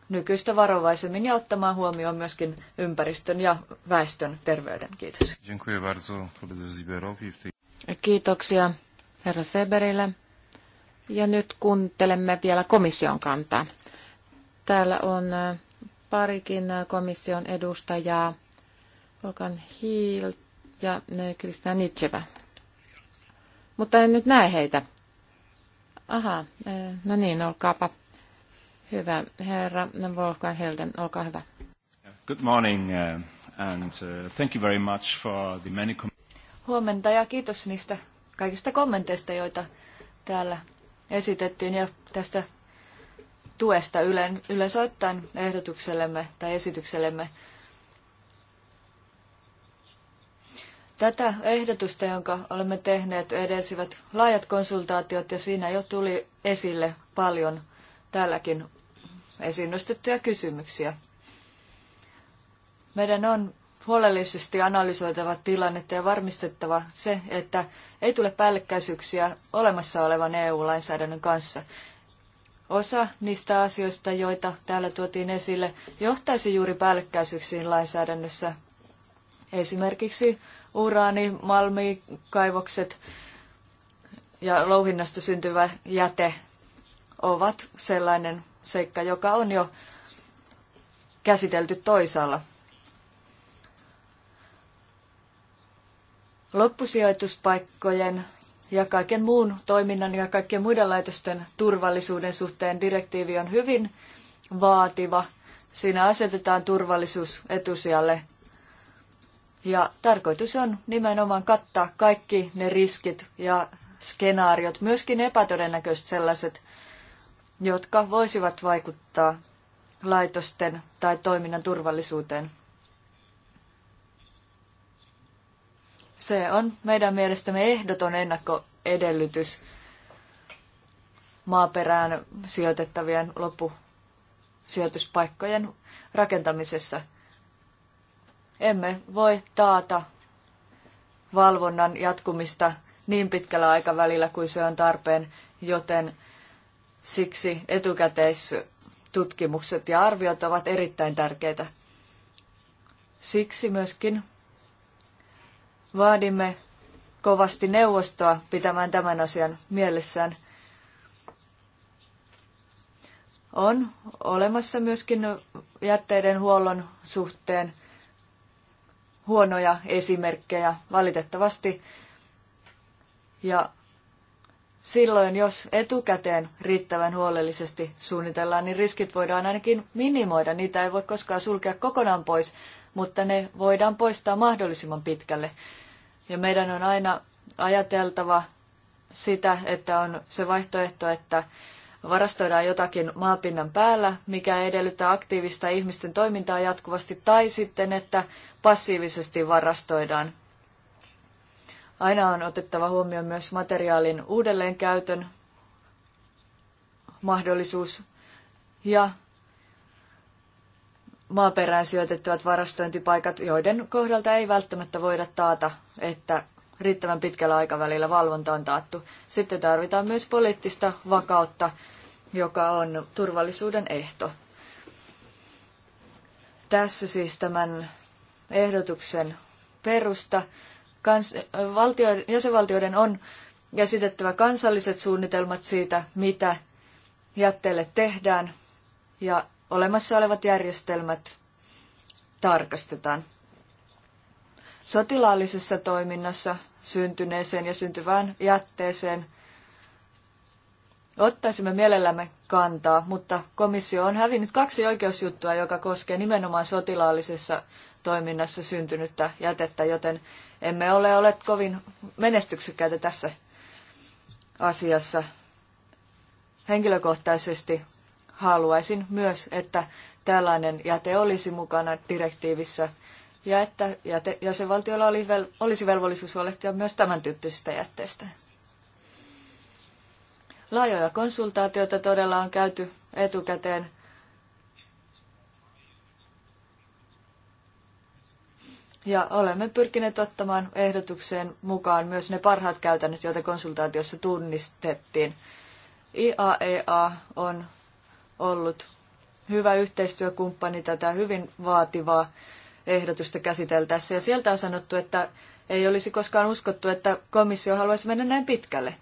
nykyistä varovaisemmin ja ottamaan huomioon myöskin ympäristön ja väestön terveyden. Kiitos. Kiitoksia herra Seberille. Ja nyt kuuntelemme vielä komission kantaa. Täällä on äh, parikin äh, komission edustajaa Volkan Hiil ja Kristina Nitsevä. Mutta en nyt näe heitä. Aha, e, no niin, olkaapa hyvä. Herra Volkan Helden, olkaa hyvä. Good morning e, and e, thank you very much for the many Huomenta ja kiitos niistä kaikista kommenteista, joita täällä esitettiin ja tästä tuesta yleensä ottaen ehdotuksellemme tai esityksellemme. Tätä ehdotusta, jonka olemme tehneet, edelsivät laajat konsultaatiot ja siinä jo tuli esille paljon täälläkin esiin nostettuja kysymyksiä. Meidän on huolellisesti analysoitava tilannetta ja varmistettava se, että ei tule päällekkäisyyksiä olemassa olevan EU-lainsäädännön kanssa. Osa niistä asioista, joita täällä tuotiin esille, johtaisi juuri päällekkäisyyksiin lainsäädännössä. Esimerkiksi uraani, malmi, kaivokset ja louhinnasta syntyvä jäte ovat sellainen seikka, joka on jo käsitelty toisaalla. Loppusijoituspaikkojen ja kaiken muun toiminnan ja kaikkien muiden laitosten turvallisuuden suhteen direktiivi on hyvin vaativa. Siinä asetetaan turvallisuus etusijalle ja tarkoitus on nimenomaan kattaa kaikki ne riskit ja skenaariot, myöskin epätodennäköiset sellaiset, jotka voisivat vaikuttaa laitosten tai toiminnan turvallisuuteen. Se on meidän mielestämme ehdoton ennakkoedellytys maaperään sijoitettavien loppusijoituspaikkojen rakentamisessa – emme voi taata valvonnan jatkumista niin pitkällä aikavälillä kuin se on tarpeen, joten siksi etukäteistutkimukset ja arviot ovat erittäin tärkeitä. Siksi myöskin vaadimme kovasti neuvostoa pitämään tämän asian mielessään. On olemassa myöskin jätteiden huollon suhteen huonoja esimerkkejä valitettavasti. Ja silloin, jos etukäteen riittävän huolellisesti suunnitellaan, niin riskit voidaan ainakin minimoida. Niitä ei voi koskaan sulkea kokonaan pois, mutta ne voidaan poistaa mahdollisimman pitkälle. Ja meidän on aina ajateltava sitä, että on se vaihtoehto, että varastoidaan jotakin maapinnan päällä, mikä edellyttää aktiivista ihmisten toimintaa jatkuvasti, tai sitten, että passiivisesti varastoidaan. Aina on otettava huomioon myös materiaalin uudelleenkäytön mahdollisuus ja maaperään sijoitettavat varastointipaikat, joiden kohdalta ei välttämättä voida taata, että riittävän pitkällä aikavälillä valvonta on taattu. Sitten tarvitaan myös poliittista vakautta, joka on turvallisuuden ehto. Tässä siis tämän ehdotuksen perusta. Kans, valtio, jäsenvaltioiden on esitettävä kansalliset suunnitelmat siitä, mitä jätteelle tehdään ja olemassa olevat järjestelmät tarkastetaan sotilaallisessa toiminnassa syntyneeseen ja syntyvään jätteeseen ottaisimme mielellämme kantaa, mutta komissio on hävinnyt kaksi oikeusjuttua, joka koskee nimenomaan sotilaallisessa toiminnassa syntynyttä jätettä, joten emme ole olleet kovin menestyksekkäitä tässä asiassa. Henkilökohtaisesti haluaisin myös, että tällainen jäte olisi mukana direktiivissä – ja että jäte, jäsenvaltioilla oli vel, olisi velvollisuus huolehtia myös tämän tyyppisistä jätteistä. Laajoja konsultaatioita todella on käyty etukäteen. Ja olemme pyrkineet ottamaan ehdotukseen mukaan myös ne parhaat käytännöt, joita konsultaatiossa tunnistettiin. IAEA e on ollut hyvä yhteistyökumppani tätä hyvin vaativaa ehdotusta käsiteltäessä. Ja sieltä on sanottu, että ei olisi koskaan uskottu, että komissio haluaisi mennä näin pitkälle.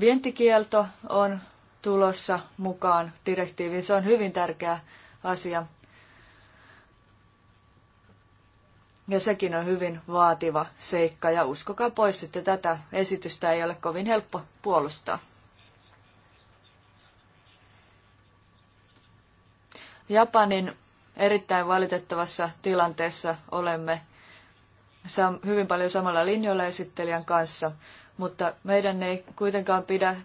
Vientikielto on tulossa mukaan direktiiviin. Se on hyvin tärkeä asia. Ja sekin on hyvin vaativa seikka, ja uskokaa pois, että tätä esitystä ei ole kovin helppo puolustaa. Japanin erittäin valitettavassa tilanteessa olemme hyvin paljon samalla linjoilla esittelijän kanssa, mutta meidän ei kuitenkaan pidä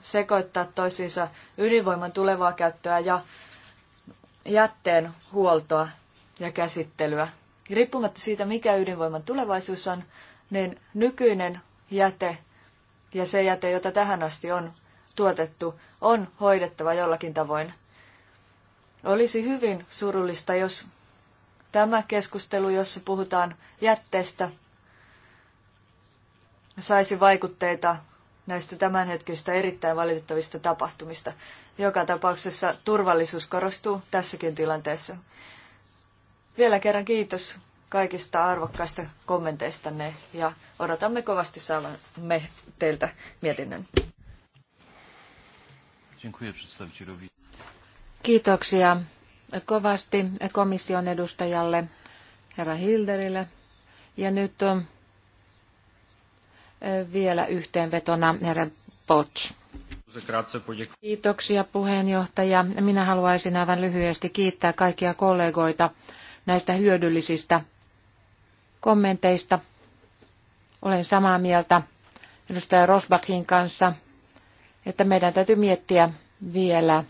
sekoittaa toisiinsa ydinvoiman tulevaa käyttöä ja jätteen huoltoa ja käsittelyä. Riippumatta siitä, mikä ydinvoiman tulevaisuus on, niin nykyinen jäte ja se jäte, jota tähän asti on tuotettu, on hoidettava jollakin tavoin. Olisi hyvin surullista, jos tämä keskustelu, jossa puhutaan jätteestä, saisi vaikutteita näistä tämänhetkistä erittäin valitettavista tapahtumista. Joka tapauksessa turvallisuus korostuu tässäkin tilanteessa. Vielä kerran kiitos kaikista arvokkaista kommenteistanne ja odotamme kovasti saavamme teiltä mietinnön. Kiitoksia kovasti komission edustajalle, herra Hilderille. Ja nyt vielä yhteenvetona herra Potts. Kiitoksia puheenjohtaja. Minä haluaisin aivan lyhyesti kiittää kaikkia kollegoita näistä hyödyllisistä kommenteista. Olen samaa mieltä edustaja Rosbachin kanssa, että meidän täytyy miettiä vielä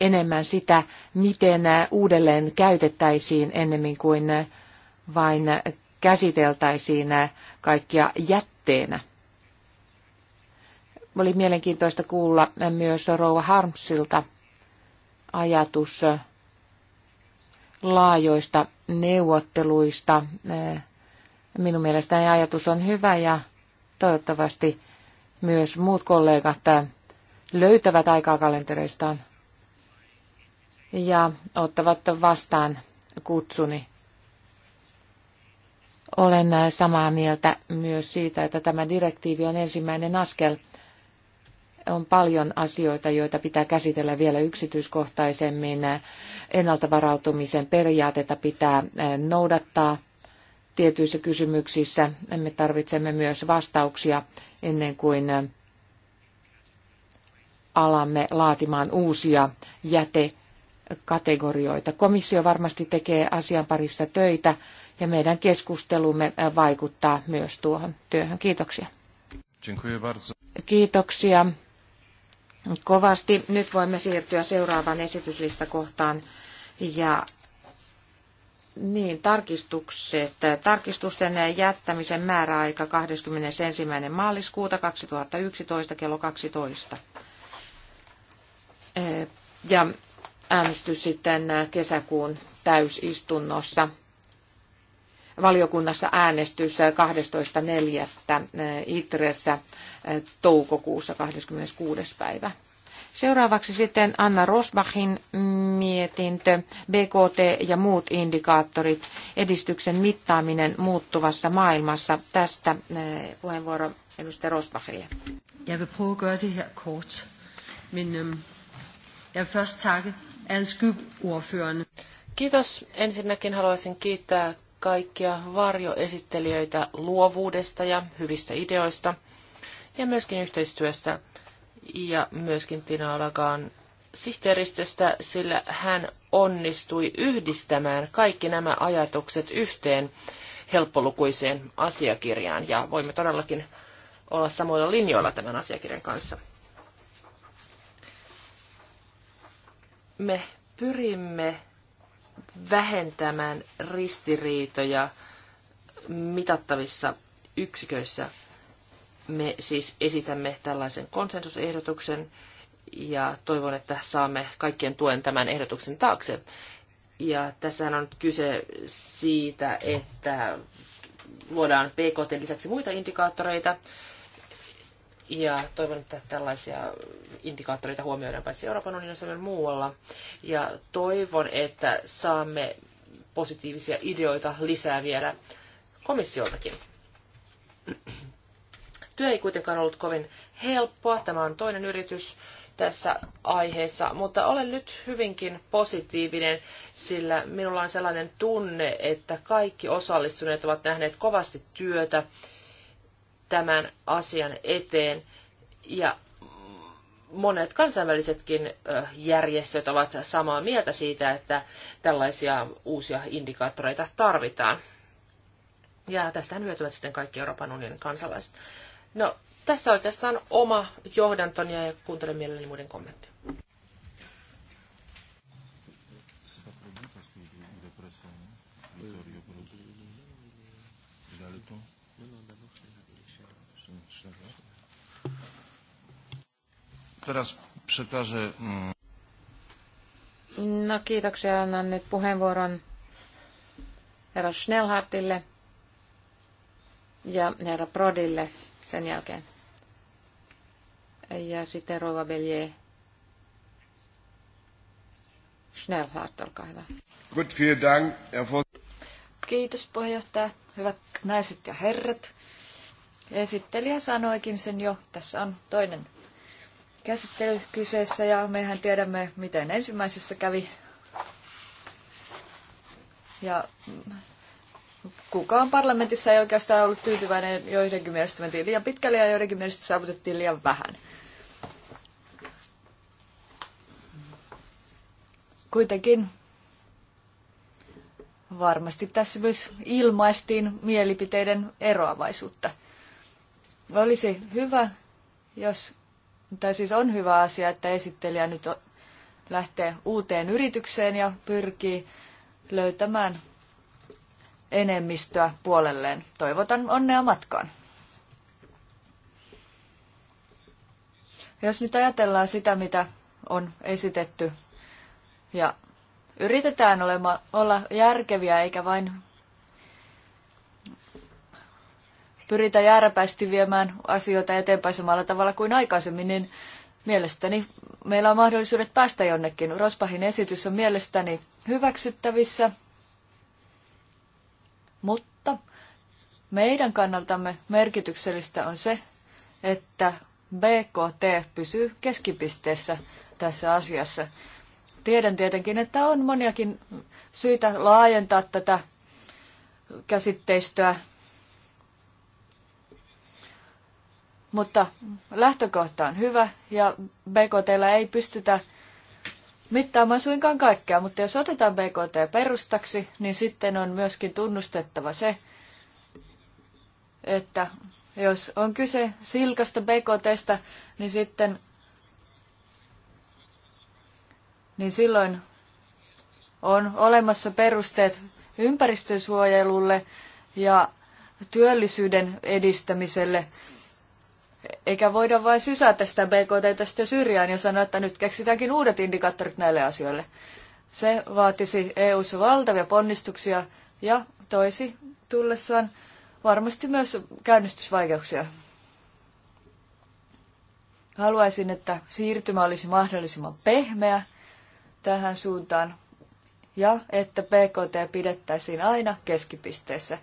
enemmän sitä, miten uudelleen käytettäisiin ennemmin kuin vain käsiteltäisiin kaikkia jätteenä. Oli mielenkiintoista kuulla myös Rouva Harmsilta ajatus laajoista neuvotteluista. Minun mielestäni ajatus on hyvä ja toivottavasti myös muut kollegat löytävät aikaa kalentereistaan ja ottavat vastaan kutsuni. Olen samaa mieltä myös siitä, että tämä direktiivi on ensimmäinen askel. On paljon asioita, joita pitää käsitellä vielä yksityiskohtaisemmin. Ennaltavarautumisen periaatetta pitää eh, noudattaa tietyissä kysymyksissä. Me tarvitsemme myös vastauksia ennen kuin eh, alamme laatimaan uusia jäte kategorioita. Komissio varmasti tekee asian parissa töitä ja meidän keskustelumme vaikuttaa myös tuohon työhön. Kiitoksia. Kiitoksia kovasti. Nyt voimme siirtyä seuraavaan esityslistakohtaan. Ja niin, tarkistukset. Tarkistusten jättämisen määräaika 21. maaliskuuta 2011 kello 12. Ja äänestys sitten äh, kesäkuun täysistunnossa. Valiokunnassa äänestys 12.4. Äh, äh, Itressä toukokuussa 26. päivä. Seuraavaksi sitten Anna Rosbachin mietintö, BKT ja muut indikaattorit, edistyksen mittaaminen muuttuvassa maailmassa. Tästä puheenvuoro edustaja Rosbachille. Jeg vil prøve at gøre det her kort, men Kiitos. Ensinnäkin haluaisin kiittää kaikkia varjoesittelijöitä luovuudesta ja hyvistä ideoista ja myöskin yhteistyöstä ja myöskin Tina Alakaan sihteeristöstä, sillä hän onnistui yhdistämään kaikki nämä ajatukset yhteen helppolukuiseen asiakirjaan ja voimme todellakin olla samoilla linjoilla tämän asiakirjan kanssa. me pyrimme vähentämään ristiriitoja mitattavissa yksiköissä. Me siis esitämme tällaisen konsensusehdotuksen ja toivon, että saamme kaikkien tuen tämän ehdotuksen taakse. Ja tässähän on kyse siitä, että luodaan PKT lisäksi muita indikaattoreita, ja toivon, että tällaisia indikaattoreita huomioidaan paitsi Euroopan unionissa myös muualla. Ja toivon, että saamme positiivisia ideoita lisää vielä komissioltakin. Työ ei kuitenkaan ollut kovin helppoa. Tämä on toinen yritys tässä aiheessa, mutta olen nyt hyvinkin positiivinen, sillä minulla on sellainen tunne, että kaikki osallistuneet ovat nähneet kovasti työtä tämän asian eteen. Ja monet kansainvälisetkin järjestöt ovat samaa mieltä siitä, että tällaisia uusia indikaattoreita tarvitaan. Ja tästä hyötyvät sitten kaikki Euroopan unionin kansalaiset. No, tässä oikeastaan oma johdantoni ja kuuntelen mielelläni muiden kommentteja. Teraz przekażę... Mm, no kiitoksia, annan nyt puheenvuoron herra Schnellhartille ja herra Prodille sen jälkeen. Ja sitten Rova Belje. Schnellhart, olkaa hyvä. Gut, vielen Dank, Herr Kiitos puheenjohtaja. Hyvät naiset ja herrat. Esittelijä sanoikin sen jo. Tässä on toinen käsittely kyseessä ja mehän tiedämme, miten ensimmäisessä kävi. Ja kukaan parlamentissa ei oikeastaan ollut tyytyväinen. Joidenkin mielestä mentiin liian pitkälle ja joidenkin mielestä saavutettiin liian vähän. Kuitenkin varmasti tässä myös ilmaistiin mielipiteiden eroavaisuutta. Olisi hyvä, jos tai siis on hyvä asia, että esittelijä nyt lähtee uuteen yritykseen ja pyrkii löytämään enemmistöä puolelleen. Toivotan onnea matkaan. Jos nyt ajatellaan sitä, mitä on esitetty ja yritetään olema, olla järkeviä eikä vain pyritä jääräpäisesti viemään asioita eteenpäin samalla tavalla kuin aikaisemmin, niin mielestäni meillä on mahdollisuudet päästä jonnekin. Rospahin esitys on mielestäni hyväksyttävissä, mutta meidän kannaltamme merkityksellistä on se, että BKT pysyy keskipisteessä tässä asiassa. Tiedän tietenkin, että on moniakin syitä laajentaa tätä käsitteistöä Mutta lähtökohta on hyvä ja BKT ei pystytä mittaamaan suinkaan kaikkea, mutta jos otetaan BKT perustaksi, niin sitten on myöskin tunnustettava se, että jos on kyse silkasta BKTstä, niin sitten niin silloin on olemassa perusteet ympäristönsuojelulle ja työllisyyden edistämiselle eikä voida vain sysätä sitä BKT tästä syrjään ja sanoa, että nyt keksitäänkin uudet indikaattorit näille asioille. Se vaatisi EU-ssa valtavia ponnistuksia ja toisi tullessaan varmasti myös käynnistysvaikeuksia. Haluaisin, että siirtymä olisi mahdollisimman pehmeä tähän suuntaan ja että PKT pidettäisiin aina keskipisteessä.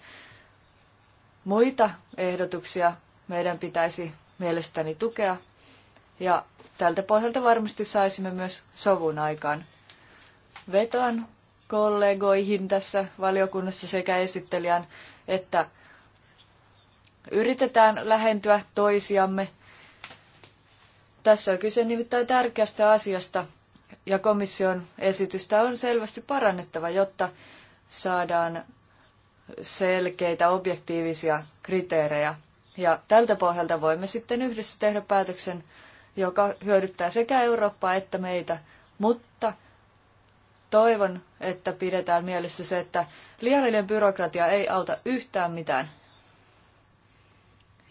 Muita ehdotuksia meidän pitäisi mielestäni tukea ja tältä pohjalta varmasti saisimme myös sovun aikaan. Vetoan kollegoihin tässä valiokunnassa sekä esittelijän että yritetään lähentyä toisiamme. Tässä on kyse nimittäin tärkeästä asiasta ja komission esitystä on selvästi parannettava, jotta saadaan selkeitä objektiivisia kriteerejä ja tältä pohjalta voimme sitten yhdessä tehdä päätöksen, joka hyödyttää sekä Eurooppaa että meitä, mutta toivon, että pidetään mielessä se, että liiallinen byrokratia ei auta yhtään mitään.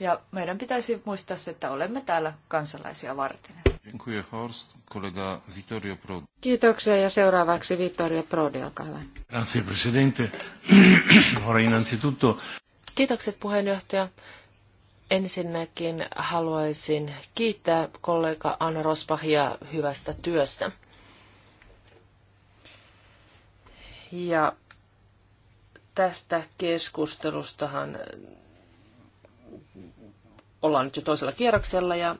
Ja meidän pitäisi muistaa se, että olemme täällä kansalaisia varten. Kiitoksia ja seuraavaksi Vittorio Prodi, olkaa hyvä. Grazie Presidente. Kiitokset puheenjohtaja. Ensinnäkin haluaisin kiittää kollega Anna Rosbachia hyvästä työstä. Ja tästä keskustelustahan ollaan nyt jo toisella kierroksella ja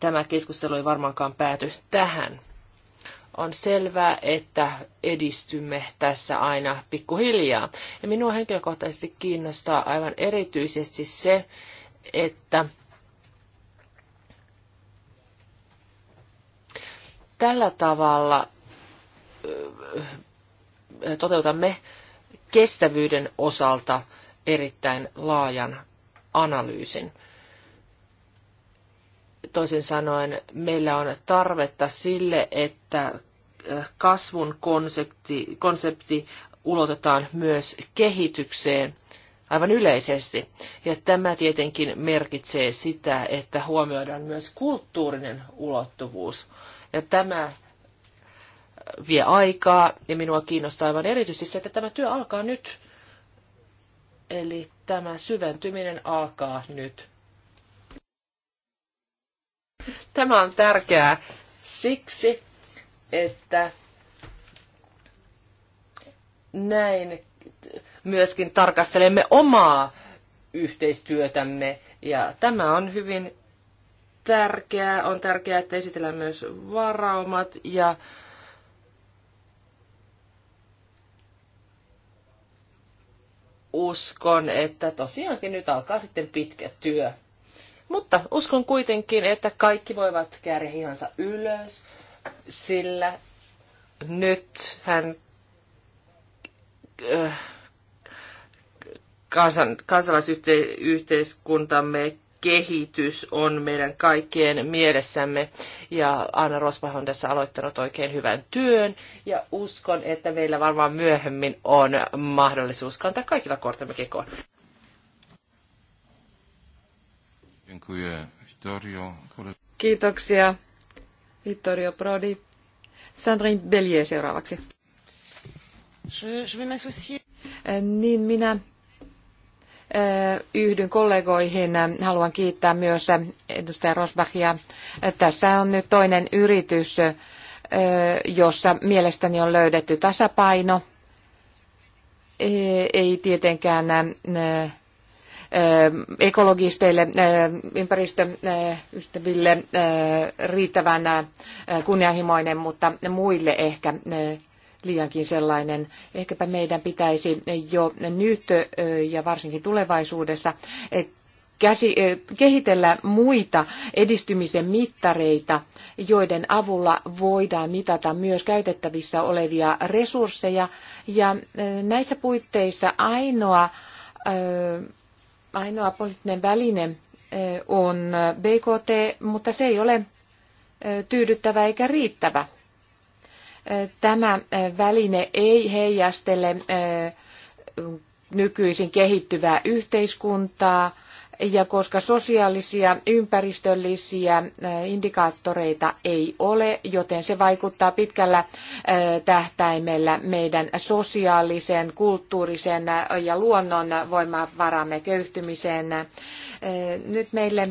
tämä keskustelu ei varmaankaan pääty tähän. On selvää, että edistymme tässä aina pikkuhiljaa. Ja minua henkilökohtaisesti kiinnostaa aivan erityisesti se, että tällä tavalla toteutamme kestävyyden osalta erittäin laajan analyysin. Toisin sanoen meillä on tarvetta sille, että kasvun konsepti, konsepti ulotetaan myös kehitykseen – aivan yleisesti. Ja tämä tietenkin merkitsee sitä, että huomioidaan myös kulttuurinen ulottuvuus. Ja tämä vie aikaa, ja minua kiinnostaa aivan erityisesti se, että tämä työ alkaa nyt. Eli tämä syventyminen alkaa nyt. Tämä on tärkeää siksi, että näin myöskin tarkastelemme omaa yhteistyötämme. Ja tämä on hyvin tärkeää. On tärkeää, että esitellään myös varaumat ja uskon, että tosiaankin nyt alkaa sitten pitkä työ. Mutta uskon kuitenkin, että kaikki voivat kääriä hihansa ylös, sillä nyt hän äh, kansan, kansalaisyhteiskuntamme kehitys on meidän kaikkien mielessämme. Ja Anna Rosbach on tässä aloittanut oikein hyvän työn ja uskon, että meillä varmaan myöhemmin on mahdollisuus kantaa kaikilla kortemme kekoon. Kiitoksia, Vittorio Prodi. Sandrine Bellier seuraavaksi. Je, je vais niin minä yhdyn kollegoihin. Haluan kiittää myös edustaja Rosbachia. Tässä on nyt toinen yritys, jossa mielestäni on löydetty tasapaino. Ei tietenkään ekologisteille, ympäristöystäville riittävän kunnianhimoinen, mutta muille ehkä liiankin sellainen. Ehkäpä meidän pitäisi jo nyt ja varsinkin tulevaisuudessa käsi, kehitellä muita edistymisen mittareita, joiden avulla voidaan mitata myös käytettävissä olevia resursseja. Ja näissä puitteissa ainoa, ainoa poliittinen väline on BKT, mutta se ei ole tyydyttävä eikä riittävä Tämä väline ei heijastele nykyisin kehittyvää yhteiskuntaa, ja koska sosiaalisia, ympäristöllisiä indikaattoreita ei ole, joten se vaikuttaa pitkällä tähtäimellä meidän sosiaalisen, kulttuurisen ja luonnon voimavaramme köyhtymiseen. Nyt meille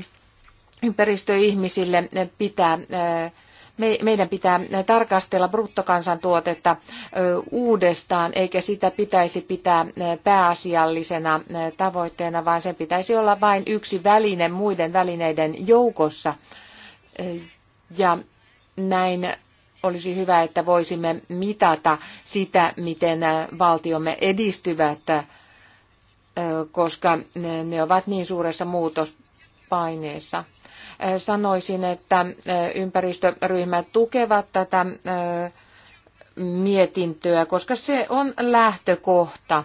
ympäristöihmisille pitää meidän pitää tarkastella bruttokansantuotetta uudestaan, eikä sitä pitäisi pitää pääasiallisena tavoitteena, vaan sen pitäisi olla vain yksi väline muiden välineiden joukossa. Ja näin olisi hyvä, että voisimme mitata sitä, miten valtiomme edistyvät, koska ne ovat niin suuressa muutospaineessa. Sanoisin, että ympäristöryhmät tukevat tätä mietintöä, koska se on lähtökohta,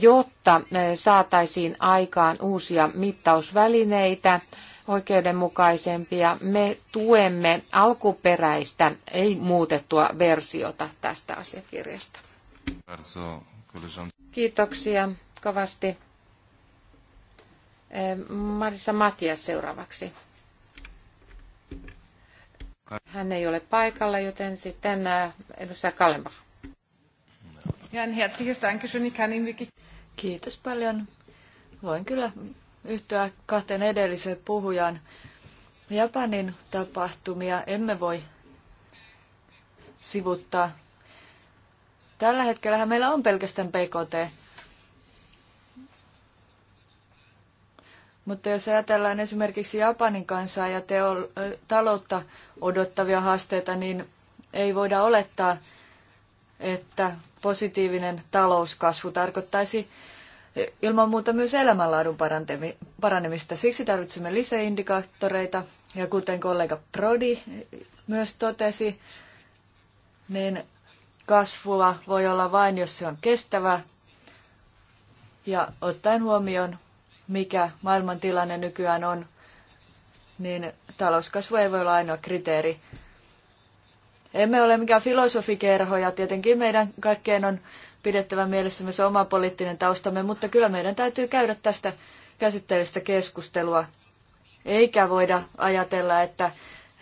jotta saataisiin aikaan uusia mittausvälineitä, oikeudenmukaisempia. Me tuemme alkuperäistä, ei muutettua versiota tästä asiakirjasta. Kiitoksia kovasti Marissa Matias seuraavaksi. Hän ei ole paikalla, joten sitten edustaja Kallenbach. Ja Kiitos paljon. Voin kyllä yhtyä kahteen edelliseen puhujaan. Japanin tapahtumia emme voi sivuttaa. Tällä hetkellä meillä on pelkästään PKT Mutta jos ajatellaan esimerkiksi Japanin kansaa ja teol- taloutta odottavia haasteita, niin ei voida olettaa, että positiivinen talouskasvu tarkoittaisi ilman muuta myös elämänlaadun paranemista. Siksi tarvitsemme lisäindikaattoreita, ja kuten kollega Prodi myös totesi, niin kasvua voi olla vain, jos se on kestävä ja ottaen huomioon mikä maailman tilanne nykyään on, niin talouskasvu ei voi olla ainoa kriteeri. Emme ole mikään filosofikerho ja tietenkin meidän kaikkeen on pidettävä mielessämme myös oma poliittinen taustamme, mutta kyllä meidän täytyy käydä tästä käsitteellistä keskustelua. Eikä voida ajatella, että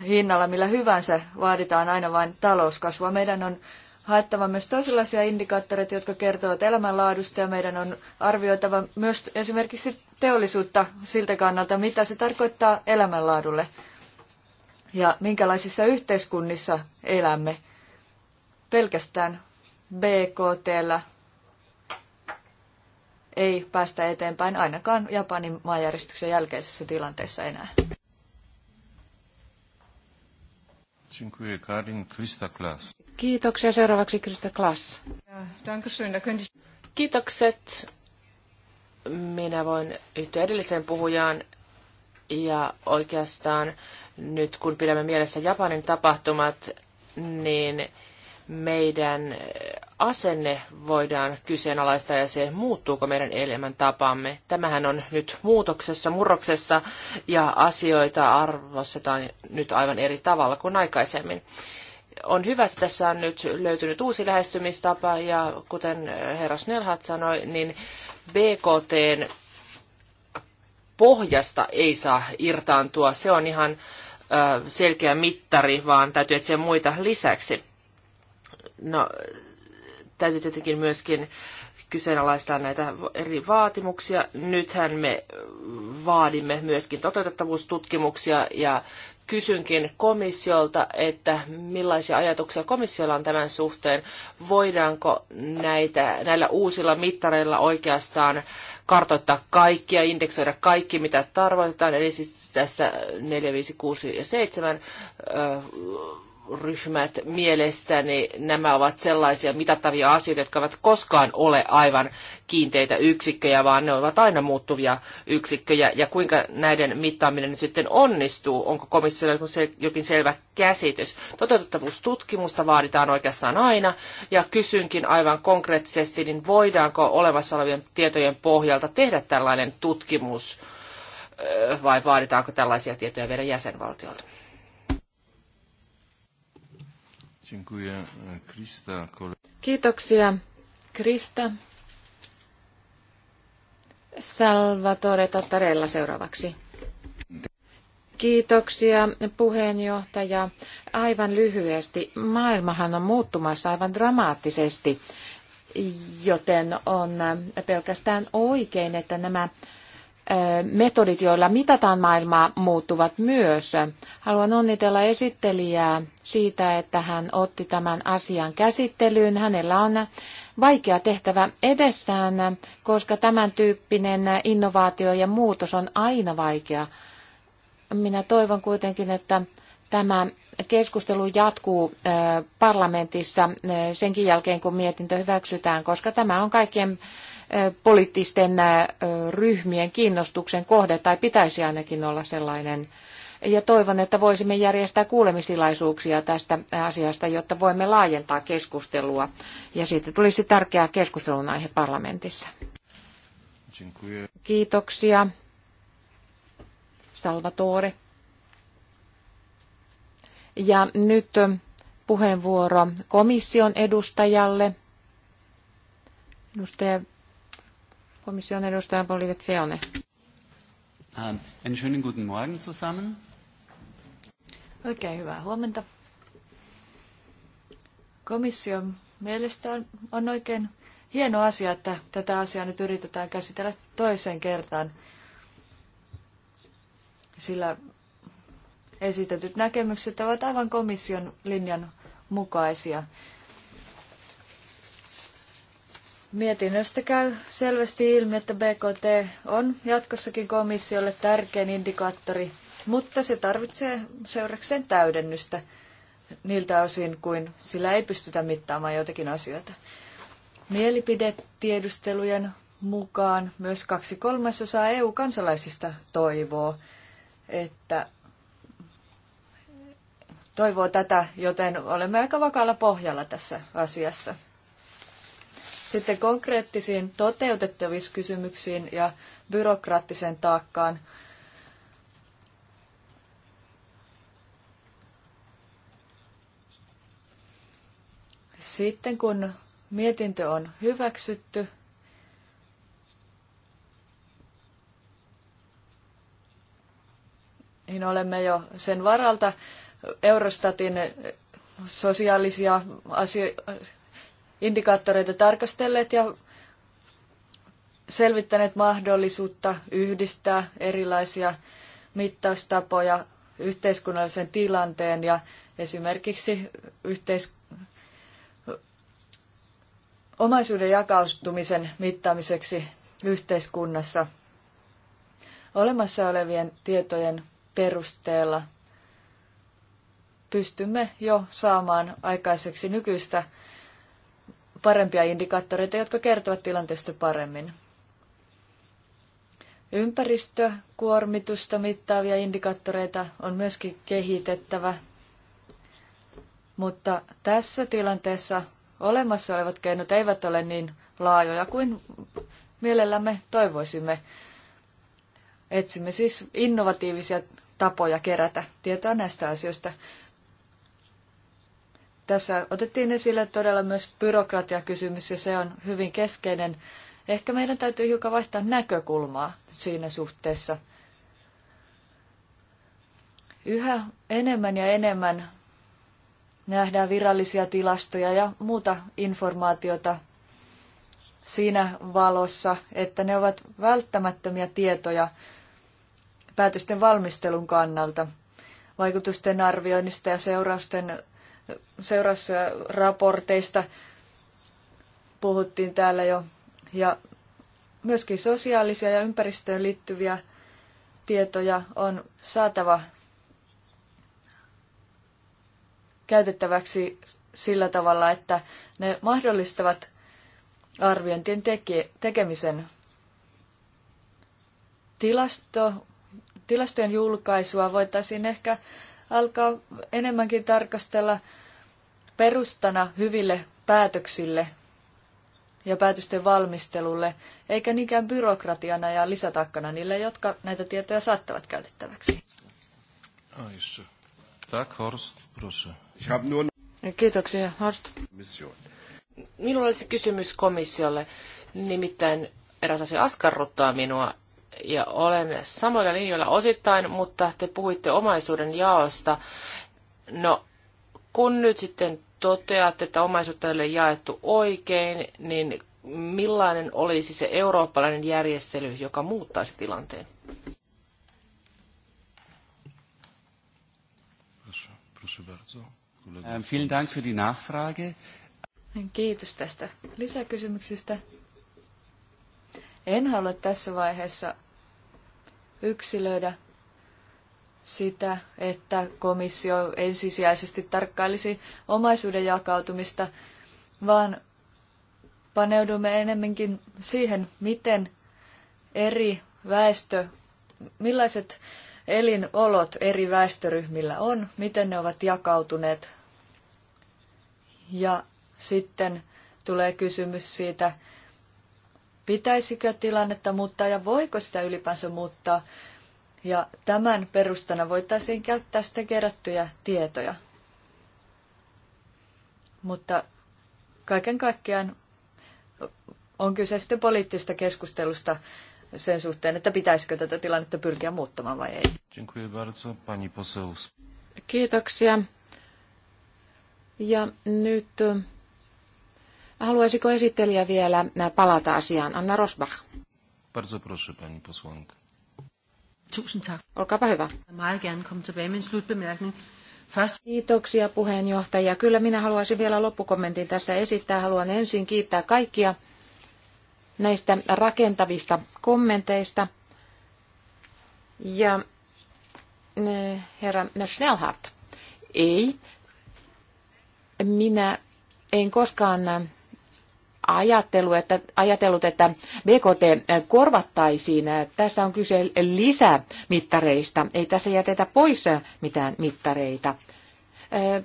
hinnalla millä hyvänsä vaaditaan aina vain talouskasvua. Meidän on haettava myös toisenlaisia indikaattoreita, jotka kertovat elämänlaadusta ja meidän on arvioitava myös esimerkiksi teollisuutta siltä kannalta, mitä se tarkoittaa elämänlaadulle ja minkälaisissa yhteiskunnissa elämme. Pelkästään bkt ei päästä eteenpäin ainakaan Japanin maanjäristyksen jälkeisessä tilanteessa enää. Kiitoksia. Seuraavaksi Krista Klaas. Kiitokset. Minä voin yhtyä edelliseen puhujaan ja oikeastaan nyt kun pidämme mielessä Japanin tapahtumat, niin meidän asenne voidaan kyseenalaistaa ja se, muuttuuko meidän elämäntapamme. Tämähän on nyt muutoksessa, murroksessa ja asioita arvostetaan nyt aivan eri tavalla kuin aikaisemmin. On hyvä, että tässä on nyt löytynyt uusi lähestymistapa ja kuten herra Snellhat sanoi, niin BKTn pohjasta ei saa irtaantua. Se on ihan selkeä mittari, vaan täytyy etsiä muita lisäksi. No, täytyy tietenkin myöskin kyseenalaistaa näitä eri vaatimuksia. Nythän me vaadimme myöskin toteutettavuustutkimuksia ja Kysynkin komissiolta, että millaisia ajatuksia komissiolla on tämän suhteen. Voidaanko näitä, näillä uusilla mittareilla oikeastaan kartoittaa kaikkia, indeksoida kaikki, mitä tarvitaan, eli siis tässä 4, 5, 6 ja 7 ö, ryhmät mielestäni nämä ovat sellaisia mitattavia asioita, jotka eivät koskaan ole aivan kiinteitä yksikköjä, vaan ne ovat aina muuttuvia yksikköjä. Ja kuinka näiden mittaaminen nyt sitten onnistuu? Onko komissiolla jokin selvä käsitys? Toteutettavuustutkimusta vaaditaan oikeastaan aina. Ja kysynkin aivan konkreettisesti, niin voidaanko olemassa olevien tietojen pohjalta tehdä tällainen tutkimus? vai vaaditaanko tällaisia tietoja vielä jäsenvaltiolta? Kiitoksia, Krista. Salvatore Tattarella seuraavaksi. Kiitoksia puheenjohtaja. Aivan lyhyesti. Maailmahan on muuttumassa aivan dramaattisesti, joten on pelkästään oikein, että nämä metodit, joilla mitataan maailmaa, muuttuvat myös. Haluan onnitella esittelijää siitä, että hän otti tämän asian käsittelyyn. Hänellä on vaikea tehtävä edessään, koska tämän tyyppinen innovaatio ja muutos on aina vaikea. Minä toivon kuitenkin, että tämä keskustelu jatkuu parlamentissa senkin jälkeen, kun mietintö hyväksytään, koska tämä on kaikkien poliittisten ryhmien kiinnostuksen kohde, tai pitäisi ainakin olla sellainen. Ja toivon, että voisimme järjestää kuulemistilaisuuksia tästä asiasta, jotta voimme laajentaa keskustelua. Ja siitä tulisi tärkeä keskustelun aihe parlamentissa. Kiitoksia. Salvatore. Ja nyt puheenvuoro komission edustajalle. Edustaja, komission edustaja Polivet Um, ähm, einen schönen guten Morgen zusammen. Oikein hyvää huomenta. Komission mielestä on, on oikein hieno asia, että tätä asiaa nyt yritetään käsitellä toiseen kertaan, sillä esitetyt näkemykset ovat aivan komission linjan mukaisia. Mietinnöstä käy selvästi ilmi, että BKT on jatkossakin komissiolle tärkein indikaattori, mutta se tarvitsee seurakseen täydennystä niiltä osin, kuin sillä ei pystytä mittaamaan jotakin asioita. Mielipidetiedustelujen mukaan myös kaksi kolmasosaa EU-kansalaisista toivoo, että toivoo tätä, joten olemme aika vakalla pohjalla tässä asiassa. Sitten konkreettisiin toteutettavissa kysymyksiin ja byrokraattiseen taakkaan. Sitten kun mietintö on hyväksytty, niin olemme jo sen varalta Eurostatin sosiaalisia asio- indikaattoreita tarkastelleet ja selvittäneet mahdollisuutta yhdistää erilaisia mittaustapoja yhteiskunnallisen tilanteen ja esimerkiksi yhteis- omaisuuden jakautumisen mittaamiseksi yhteiskunnassa olemassa olevien tietojen perusteella – pystymme jo saamaan aikaiseksi nykyistä parempia indikaattoreita, jotka kertovat tilanteesta paremmin. Ympäristökuormitusta mittaavia indikaattoreita on myöskin kehitettävä, mutta tässä tilanteessa olemassa olevat keinot eivät ole niin laajoja kuin mielellämme toivoisimme. Etsimme siis innovatiivisia tapoja kerätä tietoa näistä asioista. Tässä otettiin esille todella myös byrokratiakysymys ja se on hyvin keskeinen. Ehkä meidän täytyy hiukan vaihtaa näkökulmaa siinä suhteessa. Yhä enemmän ja enemmän nähdään virallisia tilastoja ja muuta informaatiota siinä valossa, että ne ovat välttämättömiä tietoja päätösten valmistelun kannalta, vaikutusten arvioinnista ja seurausten seurausraporteista puhuttiin täällä jo. Ja myöskin sosiaalisia ja ympäristöön liittyviä tietoja on saatava käytettäväksi sillä tavalla, että ne mahdollistavat arviointien teke- tekemisen. Tilasto, tilastojen julkaisua voitaisiin ehkä alkaa enemmänkin tarkastella perustana hyville päätöksille ja päätösten valmistelulle, eikä niinkään byrokratiana ja lisätakkana niille, jotka näitä tietoja saattavat käytettäväksi. Kiitoksia, Horst. Minulla olisi kysymys komissiolle. Nimittäin eräs asia askarruttaa minua ja olen samoilla linjoilla osittain, mutta te puhuitte omaisuuden jaosta. No, kun nyt sitten toteatte, että omaisuutta ei ole jaettu oikein, niin millainen olisi se eurooppalainen järjestely, joka muuttaisi tilanteen? Kiitos tästä lisäkysymyksestä. En halua tässä vaiheessa yksilöidä sitä, että komissio ensisijaisesti tarkkailisi omaisuuden jakautumista, vaan paneudumme enemmänkin siihen, miten eri väestö, millaiset elinolot eri väestöryhmillä on, miten ne ovat jakautuneet. Ja sitten tulee kysymys siitä, pitäisikö tilannetta muuttaa ja voiko sitä ylipäänsä muuttaa. Ja tämän perustana voitaisiin käyttää sitten kerättyjä tietoja. Mutta kaiken kaikkiaan on kyse sitten poliittisesta keskustelusta sen suhteen, että pitäisikö tätä tilannetta pyrkiä muuttamaan vai ei. Kiitoksia. Ja nyt Haluaisiko esittelijä vielä palata asiaan? Anna Rosbach. Bardzo proszę, pani posłanka. Olkaapa hyvä. Kiitoksia puheenjohtaja. Kyllä minä haluaisin vielä loppukommentin tässä esittää. Haluan ensin kiittää kaikkia näistä rakentavista kommenteista. Ja eh, herra Schnellhardt, ei, minä en koskaan eh, ajattelu, että, ajatellut, että BKT korvattaisiin. Tässä on kyse lisämittareista. Ei tässä jätetä pois mitään mittareita.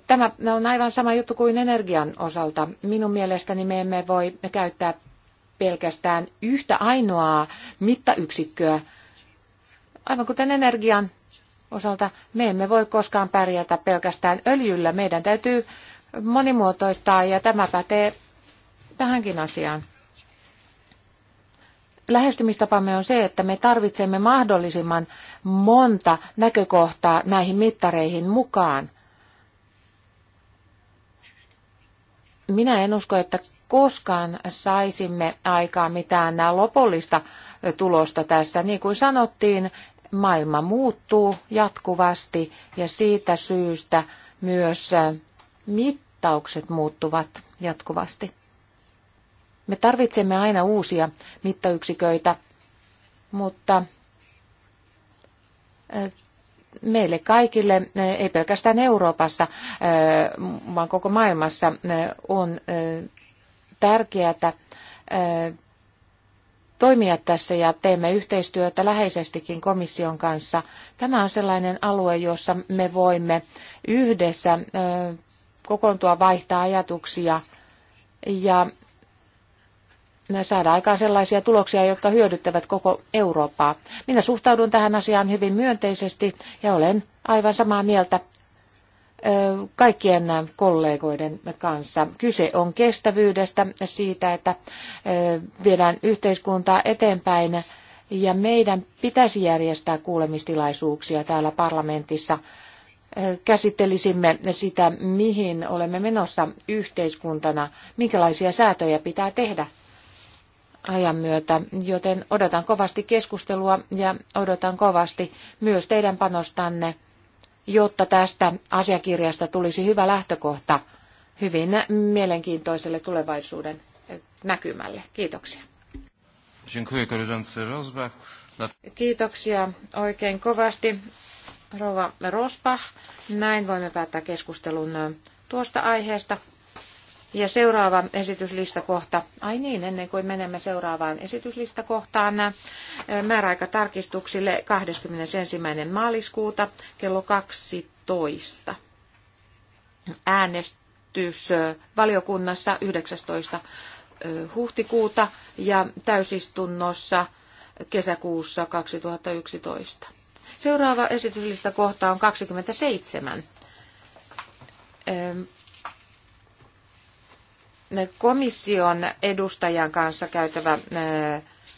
Tämä on aivan sama juttu kuin energian osalta. Minun mielestäni me emme voi käyttää pelkästään yhtä ainoaa mittayksikköä. Aivan kuten energian osalta, me emme voi koskaan pärjätä pelkästään öljyllä. Meidän täytyy monimuotoistaa ja tämä pätee tähänkin asiaan. Lähestymistapamme on se, että me tarvitsemme mahdollisimman monta näkökohtaa näihin mittareihin mukaan. Minä en usko, että koskaan saisimme aikaa mitään lopullista tulosta tässä. Niin kuin sanottiin, maailma muuttuu jatkuvasti ja siitä syystä myös mittaukset muuttuvat jatkuvasti. Me tarvitsemme aina uusia mittayksiköitä, mutta meille kaikille, ei pelkästään Euroopassa, vaan koko maailmassa on tärkeää toimia tässä ja teemme yhteistyötä läheisestikin komission kanssa. Tämä on sellainen alue, jossa me voimme yhdessä kokoontua vaihtaa ajatuksia ja saada aikaan sellaisia tuloksia, jotka hyödyttävät koko Eurooppaa. Minä suhtaudun tähän asiaan hyvin myönteisesti ja olen aivan samaa mieltä kaikkien kollegoiden kanssa. Kyse on kestävyydestä, siitä, että viedään yhteiskuntaa eteenpäin ja meidän pitäisi järjestää kuulemistilaisuuksia täällä parlamentissa. Käsittelisimme sitä, mihin olemme menossa yhteiskuntana, minkälaisia säätöjä pitää tehdä ajan myötä, joten odotan kovasti keskustelua ja odotan kovasti myös teidän panostanne, jotta tästä asiakirjasta tulisi hyvä lähtökohta hyvin mielenkiintoiselle tulevaisuuden näkymälle. Kiitoksia. Kiitoksia oikein kovasti, rouva Rosbach. Näin voimme päättää keskustelun tuosta aiheesta. Ja seuraava esityslistakohta, ai niin, ennen kuin menemme seuraavaan esityslistakohtaan, äh, määräaikatarkistuksille 21. maaliskuuta kello 12. Äänestys äh, valiokunnassa 19. Äh, huhtikuuta ja täysistunnossa kesäkuussa 2011. Seuraava esityslistakohta on 27 komission edustajan kanssa käytävä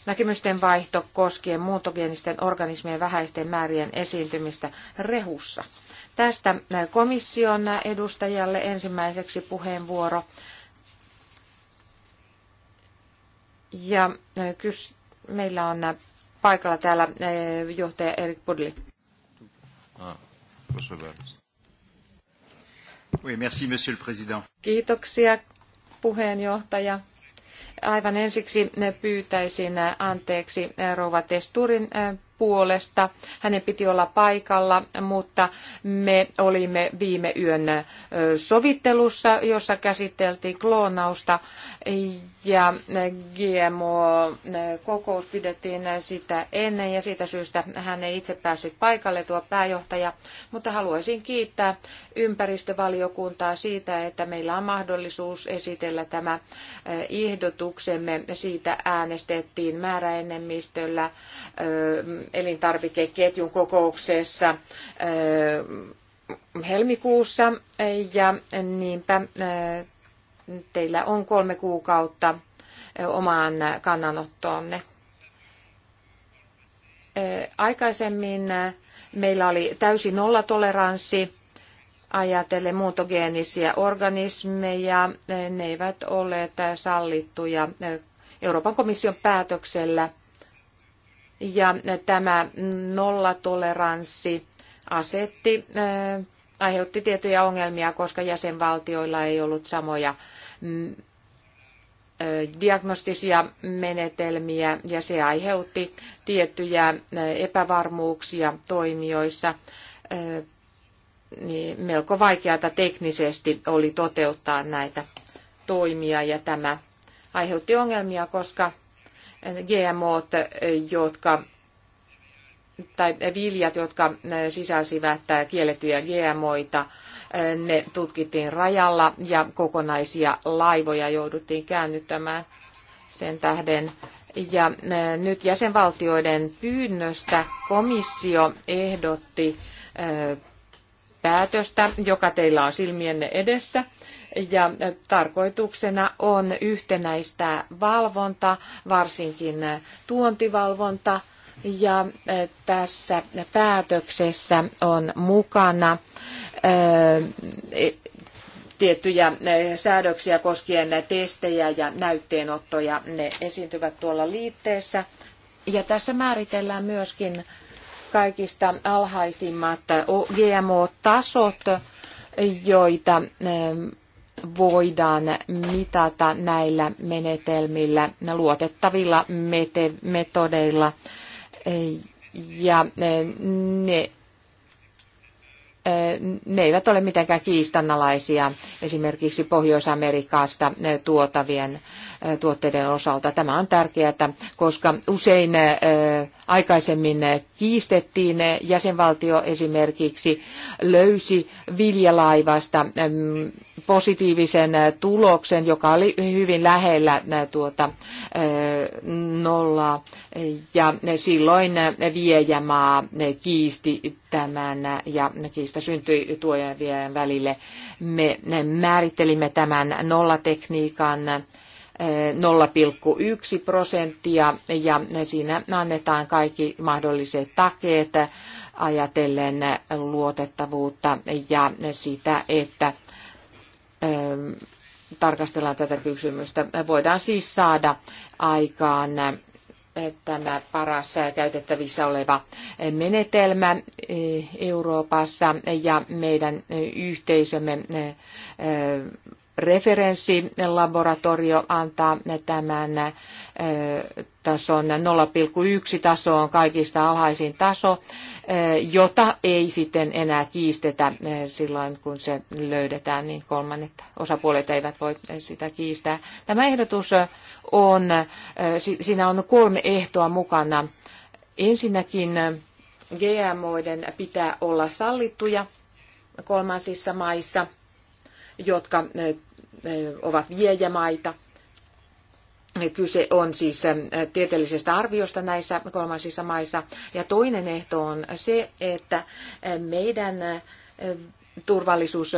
näkemysten vaihto koskien muuntogeenisten organismien vähäisten määrien esiintymistä rehussa. Tästä komission edustajalle ensimmäiseksi puheenvuoro. Ja kys, meillä on paikalla täällä johtaja Erik Pudli. Ah, Kiitoksia puheenjohtaja. Aivan ensiksi pyytäisin anteeksi rouva Testurin puolesta. Hänen piti olla paikalla, mutta me olimme viime yön sovittelussa, jossa käsiteltiin kloonausta ja GMO-kokous pidettiin sitä ennen ja siitä syystä hän ei itse päässyt paikalle tuo pääjohtaja, mutta haluaisin kiittää ympäristövaliokuntaa siitä, että meillä on mahdollisuus esitellä tämä ehdotuksemme. Siitä äänestettiin määräenemmistöllä elintarvikeketjun kokouksessa helmikuussa ja niinpä teillä on kolme kuukautta omaan kannanottoonne. Aikaisemmin meillä oli täysi nollatoleranssi ajatellen muuntogeenisiä organismeja. Ne eivät ole sallittuja Euroopan komission päätöksellä ja tämä nollatoleranssi asetti, aiheutti tiettyjä ongelmia, koska jäsenvaltioilla ei ollut samoja mm, diagnostisia menetelmiä ja se aiheutti tiettyjä epävarmuuksia toimijoissa. Niin melko vaikeata teknisesti oli toteuttaa näitä toimia ja tämä aiheutti ongelmia, koska GMOt, jotka tai viljat, jotka sisälsivät kiellettyjä GMOita, ne tutkittiin rajalla ja kokonaisia laivoja jouduttiin käännyttämään sen tähden. Ja nyt jäsenvaltioiden pyynnöstä komissio ehdotti päätöstä, joka teillä on silmienne edessä ja tarkoituksena on yhtenäistää valvonta, varsinkin tuontivalvonta, ja e, tässä päätöksessä on mukana e, e, tiettyjä säädöksiä koskien testejä ja näytteenottoja. Ne esiintyvät tuolla liitteessä. Ja tässä määritellään myöskin kaikista alhaisimmat GMO-tasot, joita voidaan mitata näillä menetelmillä, luotettavilla metodeilla. Ja eh, ne, eh, ne eivät ole mitenkään kiistanalaisia esimerkiksi Pohjois-Amerikasta eh, tuotavien tuotteiden osalta. Tämä on tärkeää, koska usein aikaisemmin kiistettiin jäsenvaltio esimerkiksi löysi viljalaivasta positiivisen tuloksen, joka oli hyvin lähellä tuota nollaa. Ja silloin viejämaa kiisti tämän ja kiista syntyi tuojan ja viejän välille. Me määrittelimme tämän nollatekniikan 0,1 prosenttia ja siinä annetaan kaikki mahdolliset takeet ajatellen luotettavuutta ja sitä, että ähm, tarkastellaan tätä kysymystä. Voidaan siis saada aikaan äh, tämä paras käytettävissä oleva menetelmä äh, Euroopassa ja meidän yhteisömme äh, referenssilaboratorio antaa tämän tason 0,1 on kaikista alhaisin taso, jota ei sitten enää kiistetä silloin, kun se löydetään, niin kolmannet osapuolet eivät voi sitä kiistää. Tämä ehdotus on, siinä on kolme ehtoa mukana. Ensinnäkin GMOiden pitää olla sallittuja kolmansissa maissa, jotka ovat viejämaita. Kyse on siis tieteellisestä arviosta näissä kolmansissa maissa. Ja toinen ehto on se, että meidän turvallisuus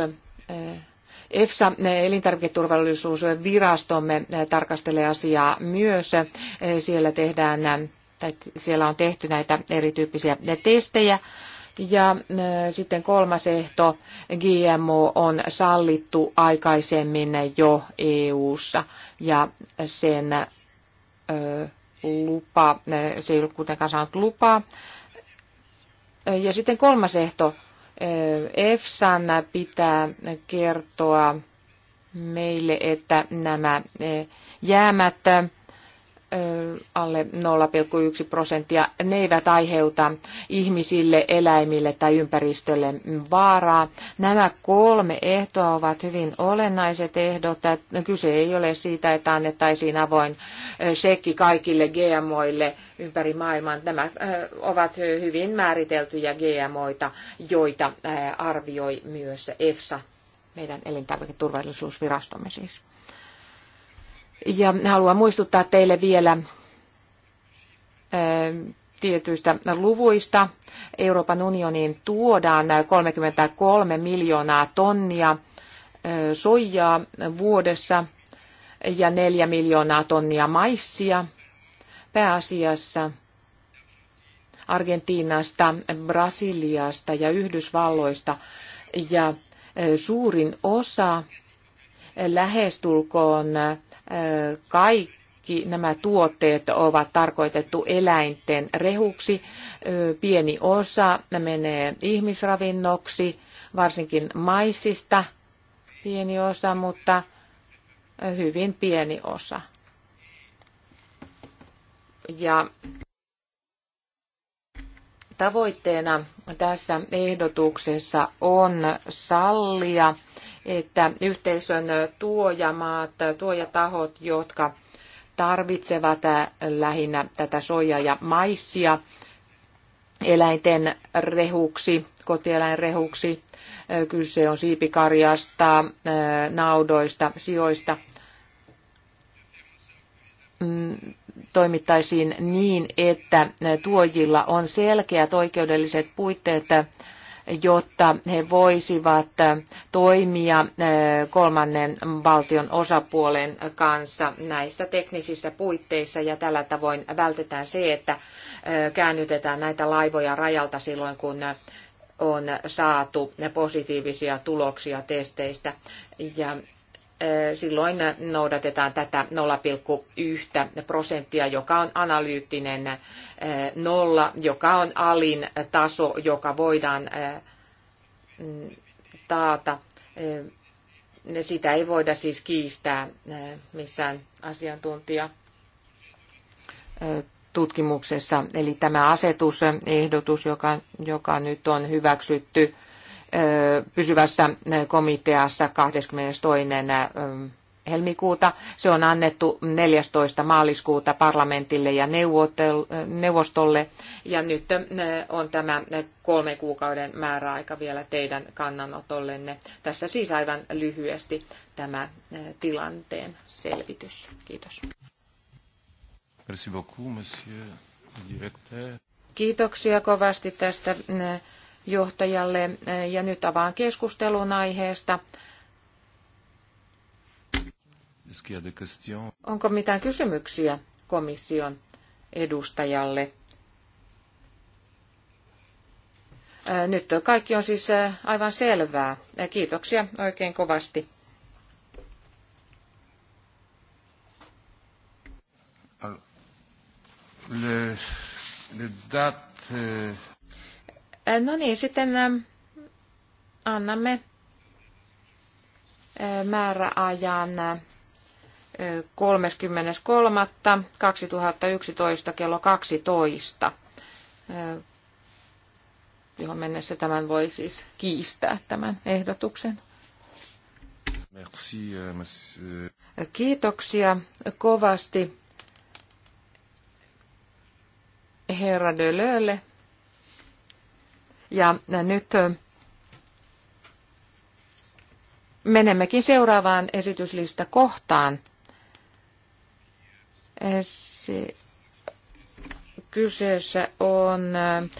EFSA, elintarviketurvallisuusvirastomme, tarkastelee asiaa myös. Siellä, tehdään, tai siellä on tehty näitä erityyppisiä testejä ja sitten kolmas ehto, GMO äh, on sallittu aikaisemmin jo EU:ssa ja sen lupa, se ei ole kuitenkaan saanut lupaa. Ja sitten kolmas ehto, EFSAn pitää kertoa meille, että nämä äh, jäämät alle 0,1 prosenttia. Ne eivät aiheuta ihmisille, eläimille tai ympäristölle vaaraa. Nämä kolme ehtoa ovat hyvin olennaiset ehdot. Kyse ei ole siitä, että annettaisiin avoin sekki kaikille GMOille ympäri maailman. Nämä ovat hyvin määriteltyjä GMOita, joita arvioi myös EFSA, meidän elintarviketurvallisuusvirastomme siis. Ja haluan muistuttaa teille vielä tietyistä luvuista. Euroopan unioniin tuodaan 33 miljoonaa tonnia soijaa vuodessa ja 4 miljoonaa tonnia maissia pääasiassa Argentiinasta, Brasiliasta ja Yhdysvalloista. Ja suurin osa lähestulkoon kaikki nämä tuotteet ovat tarkoitettu eläinten rehuksi. Pieni osa menee ihmisravinnoksi, varsinkin maissista pieni osa, mutta hyvin pieni osa. Ja Tavoitteena tässä ehdotuksessa on sallia, että yhteisön tuojamaat, tuojatahot, jotka tarvitsevat äh, lähinnä tätä soijaa ja maissia eläinten rehuksi, kotieläinrehuksi. Äh, kyse on siipikarjasta, äh, naudoista, sioista. Mm, toimittaisiin niin, että tuojilla on selkeät oikeudelliset puitteet, jotta he voisivat toimia kolmannen valtion osapuolen kanssa näissä teknisissä puitteissa ja tällä tavoin vältetään se, että käännytetään näitä laivoja rajalta silloin, kun on saatu positiivisia tuloksia testeistä ja silloin noudatetaan tätä 0,1 prosenttia, joka on analyyttinen nolla, joka on alin taso, joka voidaan mm, taata. Sitä ei voida siis kiistää missään asiantuntija tutkimuksessa. Eli tämä asetusehdotus, joka, joka nyt on hyväksytty, pysyvässä komiteassa 22. helmikuuta. Se on annettu 14. maaliskuuta parlamentille ja neuvostolle. Ja nyt on tämä kolmen kuukauden määräaika vielä teidän kannanotollenne. Tässä siis aivan lyhyesti tämä tilanteen selvitys. Kiitos. Kiitoksia kovasti tästä johtajalle ja nyt avaan keskustelun aiheesta. Onko mitään kysymyksiä komission edustajalle? Nyt kaikki on siis aivan selvää. Kiitoksia oikein kovasti. Le, le date, No niin, sitten annamme määräajan 33.2011 kello 12, johon mennessä tämän voi siis kiistää tämän ehdotuksen. Merci, euh, Kiitoksia kovasti herra Dölölle ja nyt menemmekin seuraavaan esityslista kohtaan. Se kyseessä on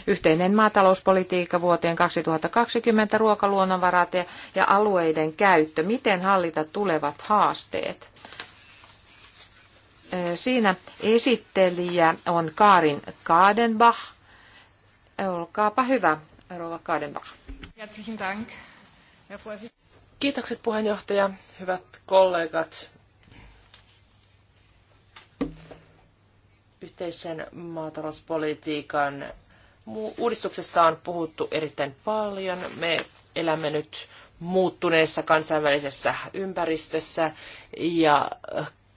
yhteinen maatalouspolitiikka vuoteen 2020, ruokaluonnonvarat ja, ja alueiden käyttö. Miten hallita tulevat haasteet? Siinä esittelijä on Kaarin Kaadenbach. Olkaapa hyvä, Rova Kadenbach. Kiitokset puheenjohtaja, hyvät kollegat. Yhteisen maatalouspolitiikan uudistuksesta on puhuttu erittäin paljon. Me elämme nyt muuttuneessa kansainvälisessä ympäristössä ja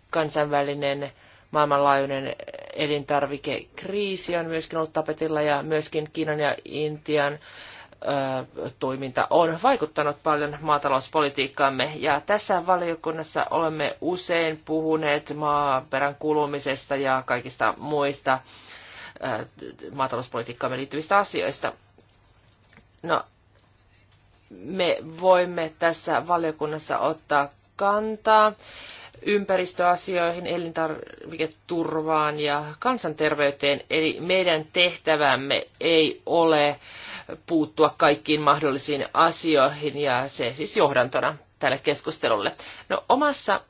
kansainvälinen maailmanlaajuinen elintarvikekriisi on myöskin ollut tapetilla ja myöskin Kiinan ja Intian toiminta on vaikuttanut paljon maatalouspolitiikkaamme. Ja tässä valiokunnassa olemme usein puhuneet maaperän kulumisesta ja kaikista muista maatalouspolitiikkaamme liittyvistä asioista. No, me voimme tässä valiokunnassa ottaa kantaa ympäristöasioihin, elintarviketurvaan ja kansanterveyteen. Eli meidän tehtävämme ei ole puuttua kaikkiin mahdollisiin asioihin ja se siis johdantona tälle keskustelulle. No omassa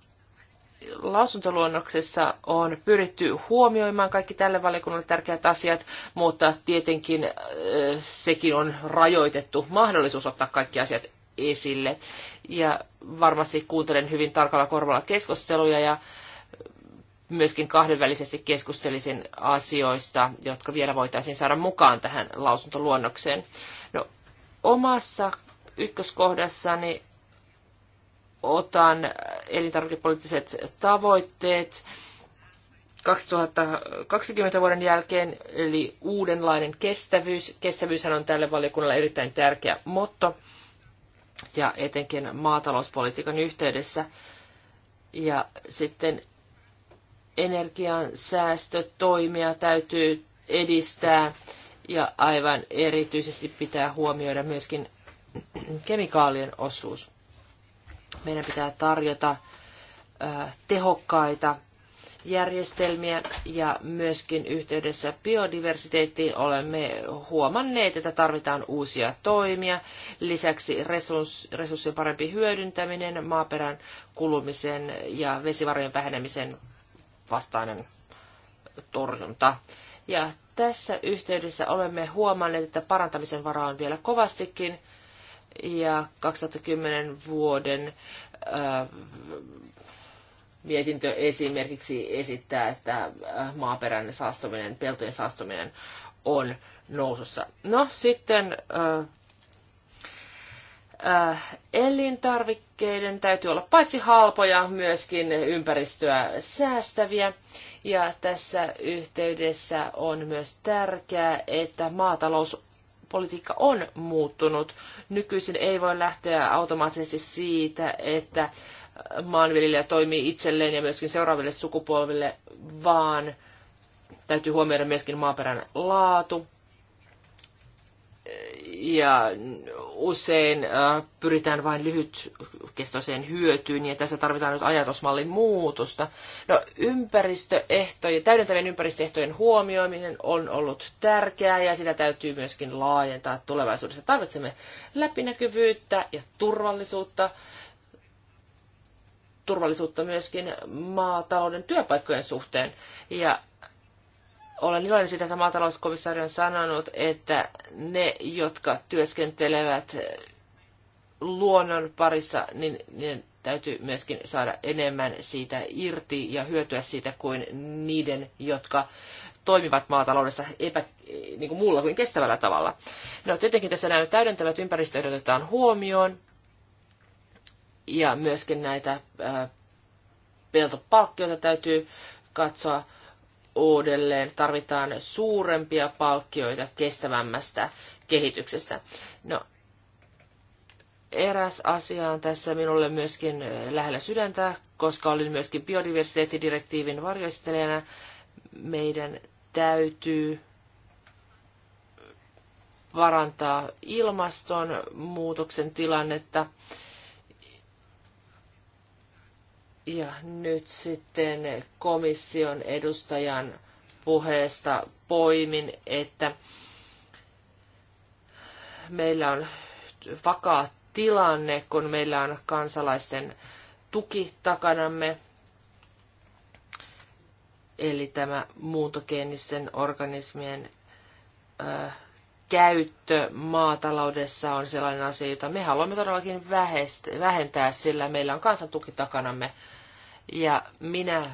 lausuntoluonnoksessa on pyritty huomioimaan kaikki tälle valiokunnalle tärkeät asiat, mutta tietenkin äh, sekin on rajoitettu mahdollisuus ottaa kaikki asiat esille ja varmasti kuuntelen hyvin tarkalla korvalla keskusteluja ja myöskin kahdenvälisesti keskustelisin asioista, jotka vielä voitaisiin saada mukaan tähän lausuntoluonnokseen. No, omassa ykköskohdassani otan elintarvikepoliittiset tavoitteet 2020 vuoden jälkeen, eli uudenlainen kestävyys. Kestävyyshän on tälle valiokunnalle erittäin tärkeä motto ja etenkin maatalouspolitiikan yhteydessä. Ja sitten energian säästötoimia täytyy edistää ja aivan erityisesti pitää huomioida myöskin kemikaalien osuus. Meidän pitää tarjota tehokkaita järjestelmiä ja myöskin yhteydessä biodiversiteettiin olemme huomanneet, että tarvitaan uusia toimia. Lisäksi resurssien parempi hyödyntäminen, maaperän kulumisen ja vesivarojen vähenemisen vastainen torjunta. Ja tässä yhteydessä olemme huomanneet, että parantamisen varaa on vielä kovastikin ja 2010 vuoden mietintö esimerkiksi esittää, että äh, maaperän saastuminen, peltojen saastuminen on nousussa. No sitten äh, äh, elintarvikkeiden täytyy olla paitsi halpoja, myöskin ympäristöä säästäviä. Ja tässä yhteydessä on myös tärkeää, että maatalous politiikka on muuttunut. Nykyisin ei voi lähteä automaattisesti siitä, että maanviljelijä toimii itselleen ja myöskin seuraaville sukupolville, vaan täytyy huomioida myöskin maaperän laatu. Ja usein äh, pyritään vain lyhytkestoiseen hyötyyn, ja tässä tarvitaan nyt ajatusmallin muutosta. No, ympäristöehtojen, täydentävien ympäristöehtojen huomioiminen on ollut tärkeää, ja sitä täytyy myöskin laajentaa tulevaisuudessa. Tarvitsemme läpinäkyvyyttä ja turvallisuutta turvallisuutta myöskin maatalouden työpaikkojen suhteen. Ja olen iloinen siitä, että maatalouskomissaari on sanonut, että ne, jotka työskentelevät luonnon parissa, niin, niin täytyy myöskin saada enemmän siitä irti ja hyötyä siitä kuin niiden, jotka toimivat maataloudessa epä, niin kuin muulla kuin kestävällä tavalla. No tietenkin tässä nämä täydentävät ympäristöehdot otetaan huomioon, ja myöskin näitä peltopalkkioita täytyy katsoa uudelleen. Tarvitaan suurempia palkkioita kestävämmästä kehityksestä. No, eräs asia on tässä minulle myöskin lähellä sydäntä, koska olin myöskin biodiversiteettidirektiivin varjoistelijana. Meidän täytyy parantaa ilmastonmuutoksen tilannetta ja nyt sitten komission edustajan puheesta poimin, että meillä on vakaa tilanne, kun meillä on kansalaisten tuki takanamme. Eli tämä muuntogeenisten organismien ö, käyttö maataloudessa on sellainen asia, jota me haluamme todellakin vähentää, sillä meillä on kansantuki takanamme. Ja minä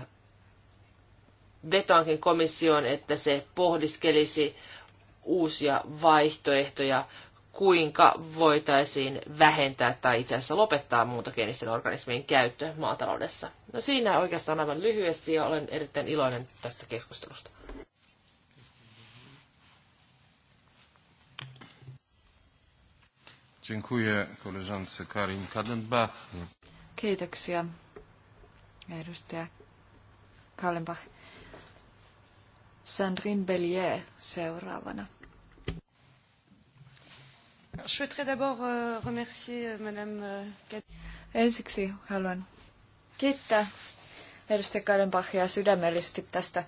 vetoankin komissioon, että se pohdiskelisi uusia vaihtoehtoja, kuinka voitaisiin vähentää tai itse asiassa lopettaa muuntogeenisten organismien käyttö maataloudessa. No siinä oikeastaan aivan lyhyesti ja olen erittäin iloinen tästä keskustelusta. Dziękuję koleżance Karin Kadenbach. Kiitoksia ja edustaja Kallenbach. Sandrine Bellier seuraavana. Euh, euh, euh, Ensiksi haluan kiittää edustaja Kallenbachia sydämellisesti tästä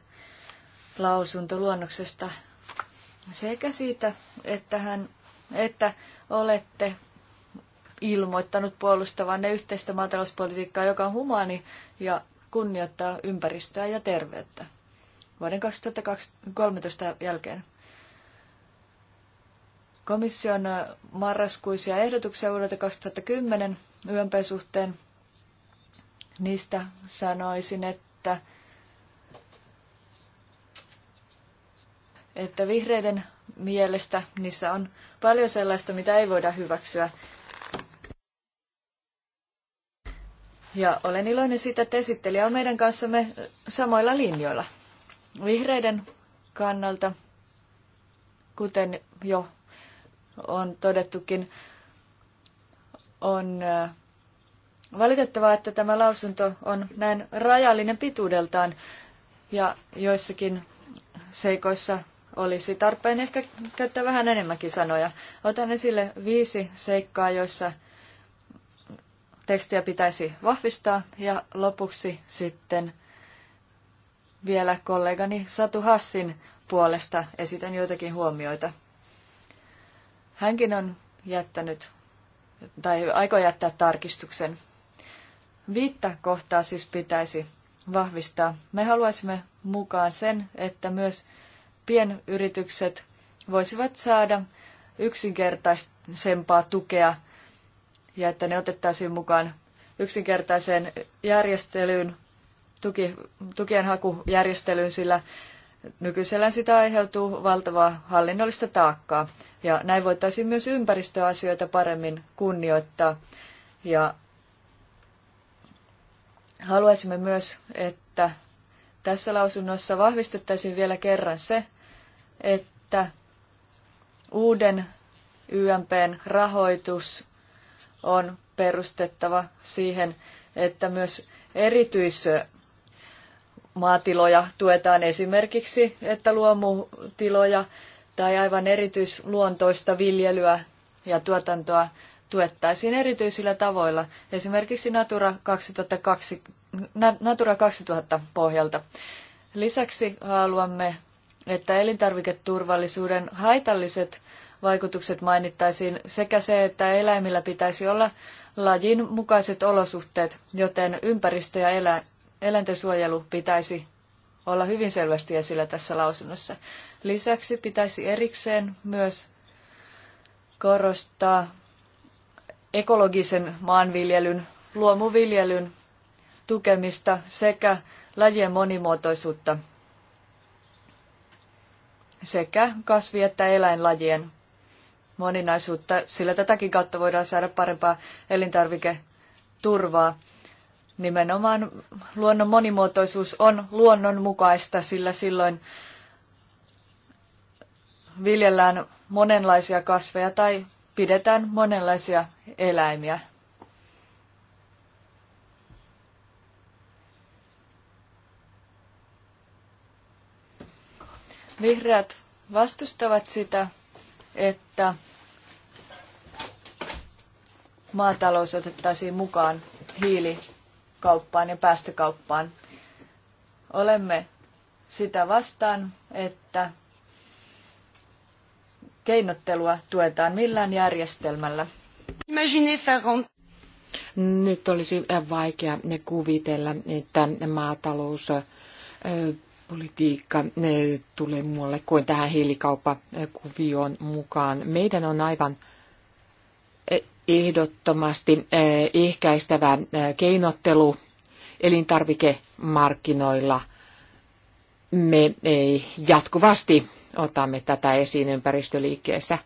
lausuntoluonnoksesta sekä siitä, että, hän, että olette ilmoittanut puolustavanne yhteistä maatalouspolitiikkaa, joka on humani ja kunnioittaa ympäristöä ja terveyttä vuoden 2013 jälkeen. Komission marraskuisia ehdotuksia vuodelta 2010 YMP-suhteen, niistä sanoisin, että, että vihreiden mielestä niissä on paljon sellaista, mitä ei voida hyväksyä Ja olen iloinen siitä, että esittelijä on meidän kanssamme samoilla linjoilla. Vihreiden kannalta, kuten jo on todettukin, on äh, valitettavaa, että tämä lausunto on näin rajallinen pituudeltaan ja joissakin seikoissa olisi tarpeen ehkä käyttää vähän enemmänkin sanoja. Otan esille viisi seikkaa, joissa tekstiä pitäisi vahvistaa. Ja lopuksi sitten vielä kollegani Satu Hassin puolesta esitän joitakin huomioita. Hänkin on jättänyt, tai aiko jättää tarkistuksen. Viittä kohtaa siis pitäisi vahvistaa. Me haluaisimme mukaan sen, että myös pienyritykset voisivat saada yksinkertaisempaa tukea ja että ne otettaisiin mukaan yksinkertaiseen järjestelyyn, tuki, tukien hakujärjestelyyn, sillä nykyisellään sitä aiheutuu valtavaa hallinnollista taakkaa. Ja näin voitaisiin myös ympäristöasioita paremmin kunnioittaa. Ja haluaisimme myös, että tässä lausunnossa vahvistettaisiin vielä kerran se, että uuden YMPn rahoitus on perustettava siihen, että myös erityismaatiloja tuetaan esimerkiksi, että luomutiloja tai aivan erityisluontoista viljelyä ja tuotantoa tuettaisiin erityisillä tavoilla, esimerkiksi Natura 2002, Natura 2000 pohjalta. Lisäksi haluamme, että elintarviketurvallisuuden haitalliset vaikutukset mainittaisiin sekä se, että eläimillä pitäisi olla lajin mukaiset olosuhteet, joten ympäristö- ja elä- eläintensuojelu pitäisi olla hyvin selvästi esillä tässä lausunnossa. Lisäksi pitäisi erikseen myös korostaa ekologisen maanviljelyn, luomuviljelyn tukemista sekä lajien monimuotoisuutta sekä kasvi- että eläinlajien moninaisuutta, sillä tätäkin kautta voidaan saada parempaa elintarviketurvaa. Nimenomaan luonnon monimuotoisuus on luonnonmukaista, sillä silloin viljellään monenlaisia kasveja tai pidetään monenlaisia eläimiä. Vihreät vastustavat sitä, että maatalous otettaisiin mukaan hiilikauppaan ja päästökauppaan. Olemme sitä vastaan, että keinottelua tuetaan millään järjestelmällä. Nyt olisi vaikea kuvitella, että maatalous politiikka tulee muualle kuin tähän hiilikauppakuvioon mukaan. Meidän on aivan eh, ehdottomasti eh, ehkäistävä eh, keinottelu elintarvikemarkkinoilla. Me jatkuvasti otamme tätä esiin ympäristöliikkeessä.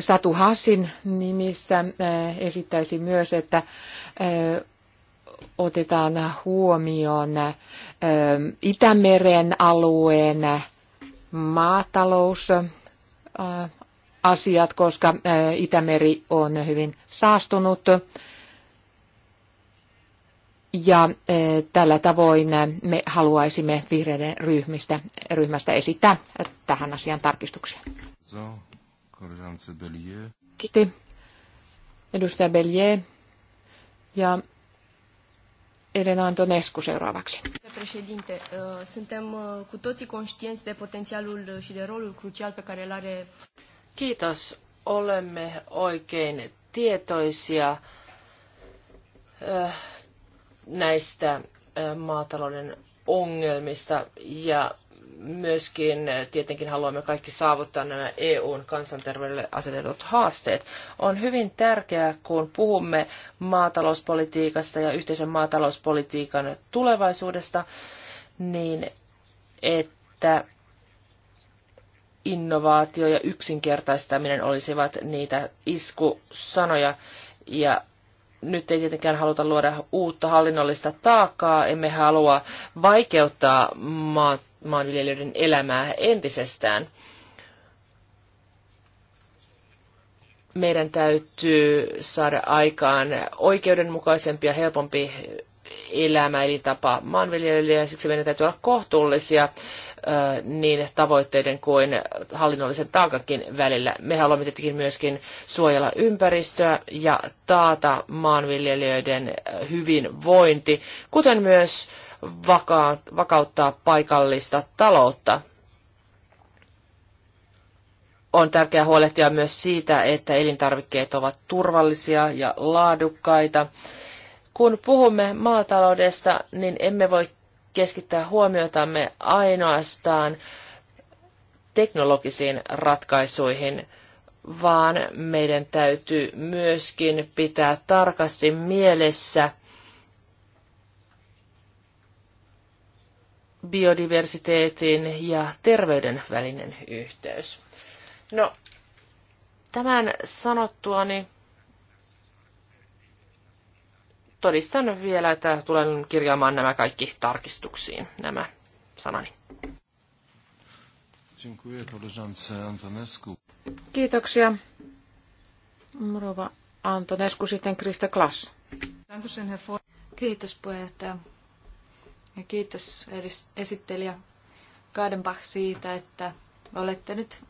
Satu Hassin nimissä esittäisi myös, että otetaan huomioon ähm, Itämeren alueen maatalousasiat, äh, koska äh, Itämeri on hyvin saastunut. Ja äh, tällä tavoin me haluaisimme vihreiden ryhmistä, ryhmästä esittää tähän asian tarkistuksia. Kiitos. Edustaja Bellier. Ja Elena Antonescu seuraavaksi. Președinte, uh, suntem uh, cu toții conștienți de potențialul uh, și de rolul crucial pe care îl are... Kiitos. Olemme oikein tietoisia näistä maatalouden ongelmista ja myöskin tietenkin haluamme kaikki saavuttaa nämä EUn kansanterveydelle asetetut haasteet. On hyvin tärkeää, kun puhumme maatalouspolitiikasta ja yhteisen maatalouspolitiikan tulevaisuudesta, niin että innovaatio ja yksinkertaistaminen olisivat niitä iskusanoja. Ja nyt ei tietenkään haluta luoda uutta hallinnollista taakkaa, emme halua vaikeuttaa maataloutta maanviljelijöiden elämää entisestään. Meidän täytyy saada aikaan oikeudenmukaisempi ja helpompi elämä, eli tapa maanviljelijöille, ja siksi meidän täytyy olla kohtuullisia niin tavoitteiden kuin hallinnollisen taakankin välillä. Me haluamme tietenkin myöskin suojella ympäristöä ja taata maanviljelijöiden hyvinvointi, kuten myös vaka- vakauttaa paikallista taloutta. On tärkeää huolehtia myös siitä, että elintarvikkeet ovat turvallisia ja laadukkaita. Kun puhumme maataloudesta, niin emme voi keskittää huomiotamme ainoastaan teknologisiin ratkaisuihin, vaan meidän täytyy myöskin pitää tarkasti mielessä – biodiversiteetin ja terveyden välinen yhteys. No, tämän sanottuani todistan vielä, että tulen kirjaamaan nämä kaikki tarkistuksiin, nämä sanani. Kiitoksia. Rova Antonescu, sitten Krista Klass. Kiitos puheenjohtaja. Ja kiitos esittelijä Kadenbach siitä, että olette nyt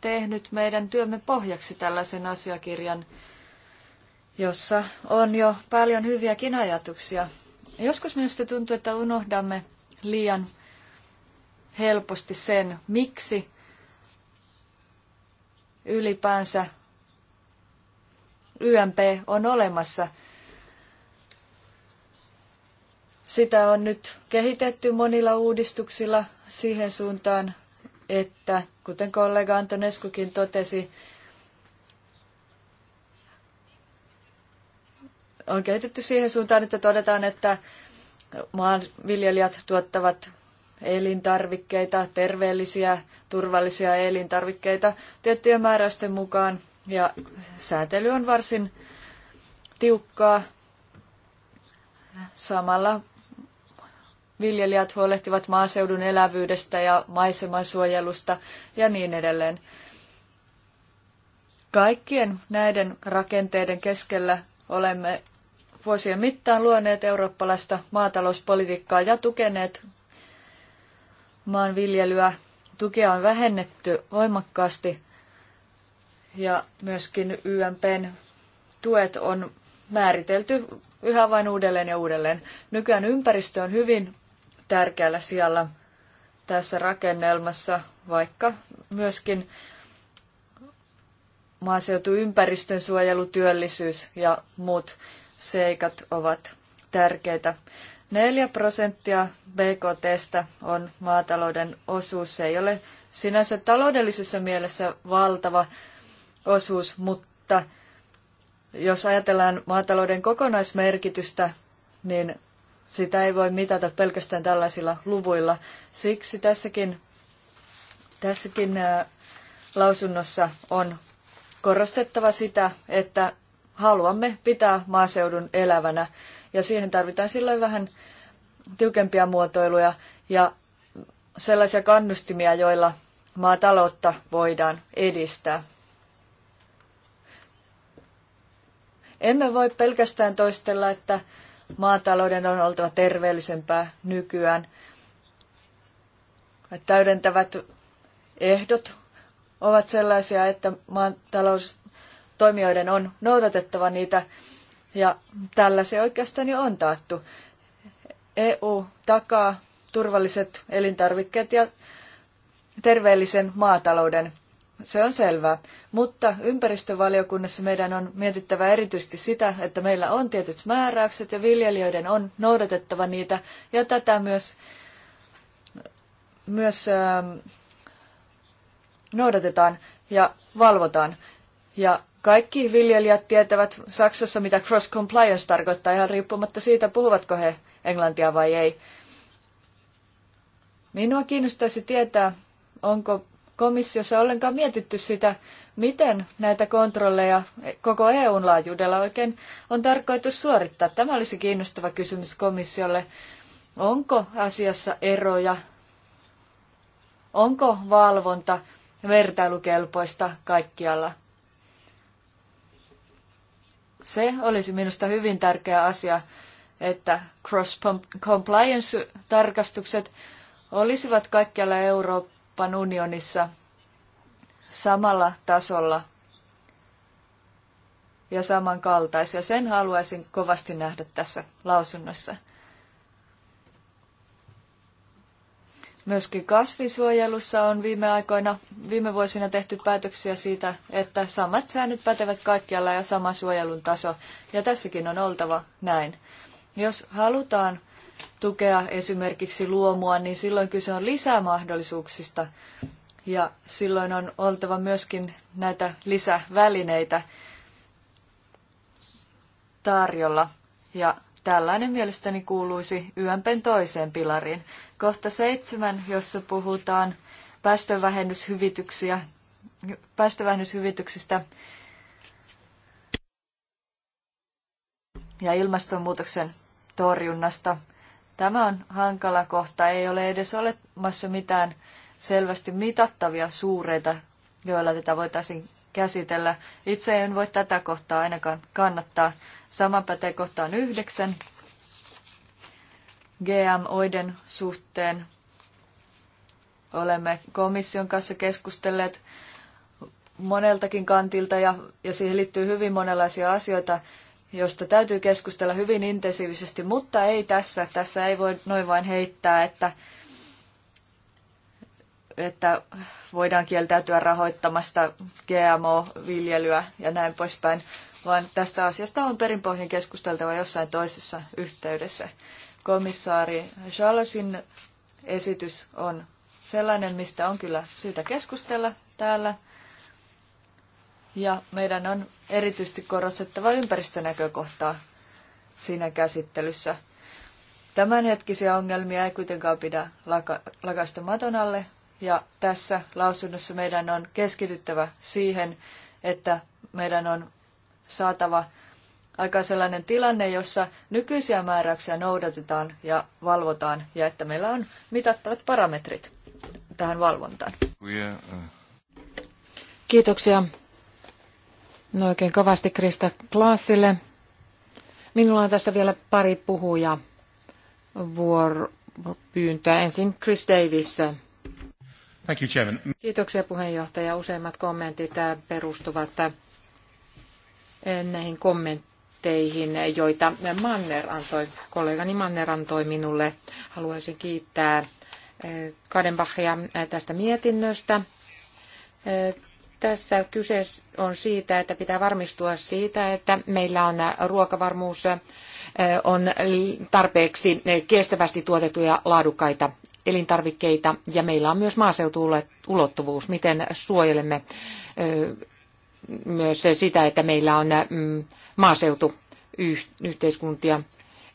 tehnyt meidän työmme pohjaksi tällaisen asiakirjan, jossa on jo paljon hyviäkin ajatuksia. Joskus minusta tuntuu, että unohdamme liian helposti sen, miksi ylipäänsä YMP on olemassa – sitä on nyt kehitetty monilla uudistuksilla siihen suuntaan, että kuten kollega Antoneskukin totesi, on kehitetty siihen suuntaan, että todetaan, että maanviljelijät tuottavat elintarvikkeita, terveellisiä, turvallisia elintarvikkeita tiettyjen määräysten mukaan. Ja säätely on varsin tiukkaa. Samalla viljelijät huolehtivat maaseudun elävyydestä ja maisemansuojelusta ja niin edelleen. Kaikkien näiden rakenteiden keskellä olemme vuosien mittaan luoneet eurooppalaista maatalouspolitiikkaa ja tukeneet maanviljelyä. Tukea on vähennetty voimakkaasti ja myöskin YMPn tuet on määritelty yhä vain uudelleen ja uudelleen. Nykyään ympäristö on hyvin tärkeällä sijalla tässä rakennelmassa, vaikka myöskin maaseutuympäristön suojelu, työllisyys ja muut seikat ovat tärkeitä. 4 prosenttia BKTstä on maatalouden osuus. Se ei ole sinänsä taloudellisessa mielessä valtava osuus, mutta jos ajatellaan maatalouden kokonaismerkitystä, niin sitä ei voi mitata pelkästään tällaisilla luvuilla. Siksi tässäkin, tässäkin äh, lausunnossa on korostettava sitä, että haluamme pitää maaseudun elävänä ja siihen tarvitaan silloin vähän tiukempia muotoiluja ja sellaisia kannustimia, joilla maataloutta voidaan edistää. Emme voi pelkästään toistella, että maatalouden on oltava terveellisempää nykyään. Täydentävät ehdot ovat sellaisia, että maataloustoimijoiden on noudatettava niitä, ja tällä se oikeastaan jo on taattu. EU takaa turvalliset elintarvikkeet ja terveellisen maatalouden se on selvää. Mutta ympäristövaliokunnassa meidän on mietittävä erityisesti sitä, että meillä on tietyt määräykset ja viljelijöiden on noudatettava niitä. Ja tätä myös, myös ähm, noudatetaan ja valvotaan. Ja kaikki viljelijät tietävät Saksassa, mitä cross compliance tarkoittaa, ihan riippumatta siitä, puhuvatko he englantia vai ei. Minua kiinnostaisi tietää, onko komissiossa ollenkaan mietitty sitä, miten näitä kontrolleja koko EUn laajuudella oikein on tarkoitus suorittaa. Tämä olisi kiinnostava kysymys komissiolle. Onko asiassa eroja? Onko valvonta vertailukelpoista kaikkialla? Se olisi minusta hyvin tärkeä asia, että cross-compliance-tarkastukset olisivat kaikkialla Euroopassa Euroopan unionissa samalla tasolla ja samankaltaisia. Sen haluaisin kovasti nähdä tässä lausunnossa. Myöskin kasvisuojelussa on viime aikoina, viime vuosina tehty päätöksiä siitä, että samat säännöt pätevät kaikkialla ja sama suojelun taso. Ja tässäkin on oltava näin. Jos halutaan tukea esimerkiksi luomua, niin silloin kyse on lisämahdollisuuksista ja silloin on oltava myöskin näitä lisävälineitä tarjolla. Ja tällainen mielestäni kuuluisi YMPn toiseen pilariin. Kohta seitsemän, jossa puhutaan päästövähennyshyvityksiä, päästövähennyshyvityksistä ja ilmastonmuutoksen torjunnasta – Tämä on hankala kohta. Ei ole edes olemassa mitään selvästi mitattavia suureita, joilla tätä voitaisiin käsitellä. Itse en voi tätä kohtaa ainakaan kannattaa. Sama pätee kohtaan yhdeksän GMOiden suhteen. Olemme komission kanssa keskustelleet moneltakin kantilta ja, ja siihen liittyy hyvin monenlaisia asioita josta täytyy keskustella hyvin intensiivisesti, mutta ei tässä. Tässä ei voi noin vain heittää, että, että voidaan kieltäytyä rahoittamasta GMO-viljelyä ja näin poispäin, vaan tästä asiasta on perinpohjin keskusteltava jossain toisessa yhteydessä. Komissaari Charlesin esitys on sellainen, mistä on kyllä syytä keskustella täällä – ja meidän on erityisesti korostettava ympäristönäkökohtaa siinä käsittelyssä. Tämänhetkisiä ongelmia ei kuitenkaan pidä laka- lakaista maton alle, ja tässä lausunnossa meidän on keskityttävä siihen, että meidän on saatava aika sellainen tilanne, jossa nykyisiä määräyksiä noudatetaan ja valvotaan, ja että meillä on mitattavat parametrit tähän valvontaan. Kiitoksia No oikein kovasti Krista Klaasille. Minulla on tässä vielä pari puhuja vuoropyyntöä. Ensin Chris Davis. Thank you, Chairman. Kiitoksia puheenjohtaja. Useimmat kommentit perustuvat näihin kommentteihin, joita Manner antoi, kollegani Manner antoi minulle. Haluaisin kiittää Kadenbachia tästä mietinnöstä. Tässä kyse on siitä, että pitää varmistua siitä, että meillä on ruokavarmuus, on tarpeeksi kestävästi tuotettuja laadukkaita elintarvikkeita ja meillä on myös maaseutuulottuvuus, miten suojelemme myös sitä, että meillä on mm, maaseutuyhteiskuntia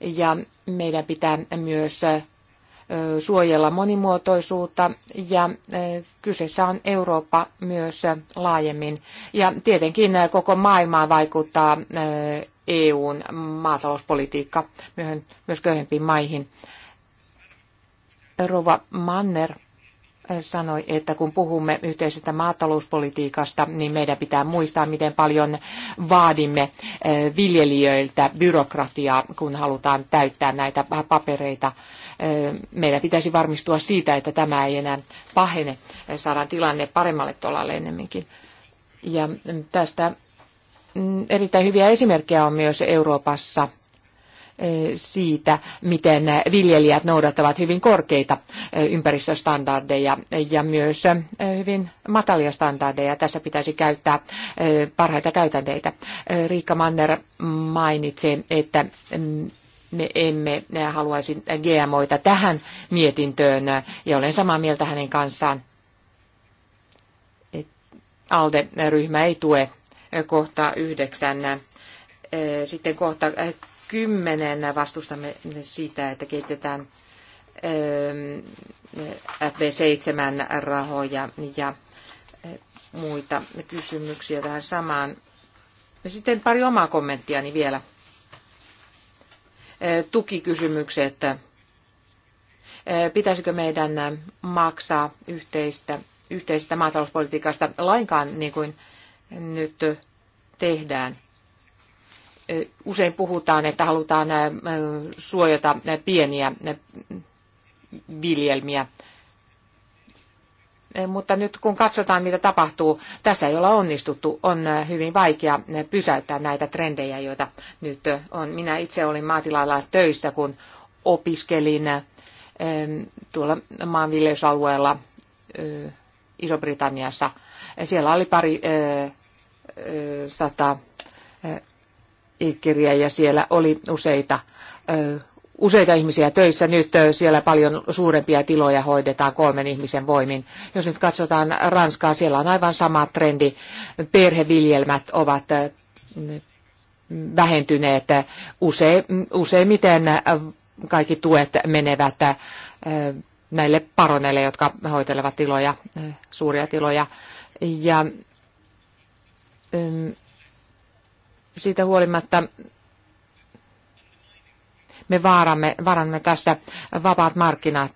ja meidän pitää myös suojella monimuotoisuutta ja kyseessä on Eurooppa myös laajemmin. Ja tietenkin koko maailmaan vaikuttaa EUn maatalouspolitiikka myös köyhempiin maihin. Rova Manner sanoi, että kun puhumme yhteisestä maatalouspolitiikasta, niin meidän pitää muistaa, miten paljon vaadimme eh, viljelijöiltä byrokratiaa, kun halutaan täyttää näitä papereita. Eh, meidän pitäisi varmistua siitä, että tämä ei enää pahene, eh, saadaan tilanne paremmalle tolalle ennemminkin. Ja mm, tästä mm, erittäin hyviä esimerkkejä on myös Euroopassa – siitä, miten viljelijät noudattavat hyvin korkeita ympäristöstandardeja ja myös hyvin matalia standardeja. Tässä pitäisi käyttää parhaita käytänteitä. Riikka Manner mainitsi, että me emme haluaisi GMOita tähän mietintöön ja olen samaa mieltä hänen kanssaan. ALDE-ryhmä ei tue kohtaa yhdeksän. Sitten kohta 10 vastustamme sitä, että kehitetään ähm, FB7 rahoja ja äh, muita kysymyksiä tähän samaan. Sitten pari omaa kommenttiani vielä. Äh, tukikysymykset. Äh, pitäisikö meidän maksaa yhteistä, yhteisestä maatalouspolitiikasta lainkaan niin kuin nyt tehdään? usein puhutaan, että halutaan suojata pieniä viljelmiä. Mutta nyt kun katsotaan, mitä tapahtuu, tässä ei olla onnistuttu. On hyvin vaikea pysäyttää näitä trendejä, joita nyt on. Minä itse olin maatilalla töissä, kun opiskelin tuolla maanviljelysalueella Iso-Britanniassa. Siellä oli pari sata kirja ja siellä oli useita, useita ihmisiä töissä. Nyt siellä paljon suurempia tiloja hoidetaan kolmen ihmisen voimin. Jos nyt katsotaan Ranskaa, siellä on aivan sama trendi. Perheviljelmät ovat vähentyneet use, useimmiten kaikki tuet menevät näille paroneille, jotka hoitelevat tiloja, suuria tiloja. Ja siitä huolimatta me vaaramme, vaaramme tässä vapaat markkinat.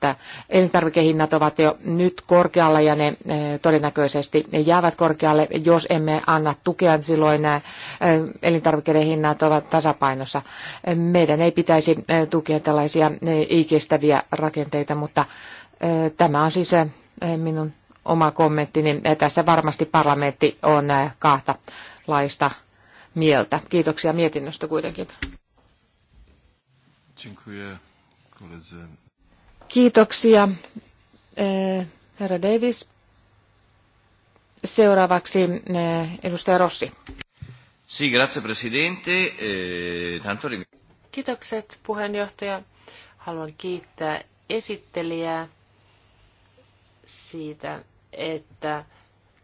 Elintarvikehinnat ovat jo nyt korkealla ja ne eh, todennäköisesti jäävät korkealle, jos emme anna tukea, niin silloin nämä eh, elintarvikkeiden hinnat ovat tasapainossa. Meidän ei pitäisi eh, tukea tällaisia ikestäviä rakenteita, mutta tämä on siis minun oma kommenttini. Tässä varmasti parlamentti on kahta laista mieltä. Kiitoksia mietinnöstä kuitenkin. Kiitoksia, e, herra Davis. Seuraavaksi e, edustaja Rossi. grazie Presidente. E, tanto Kiitokset puheenjohtaja. Haluan kiittää esittelijää siitä, että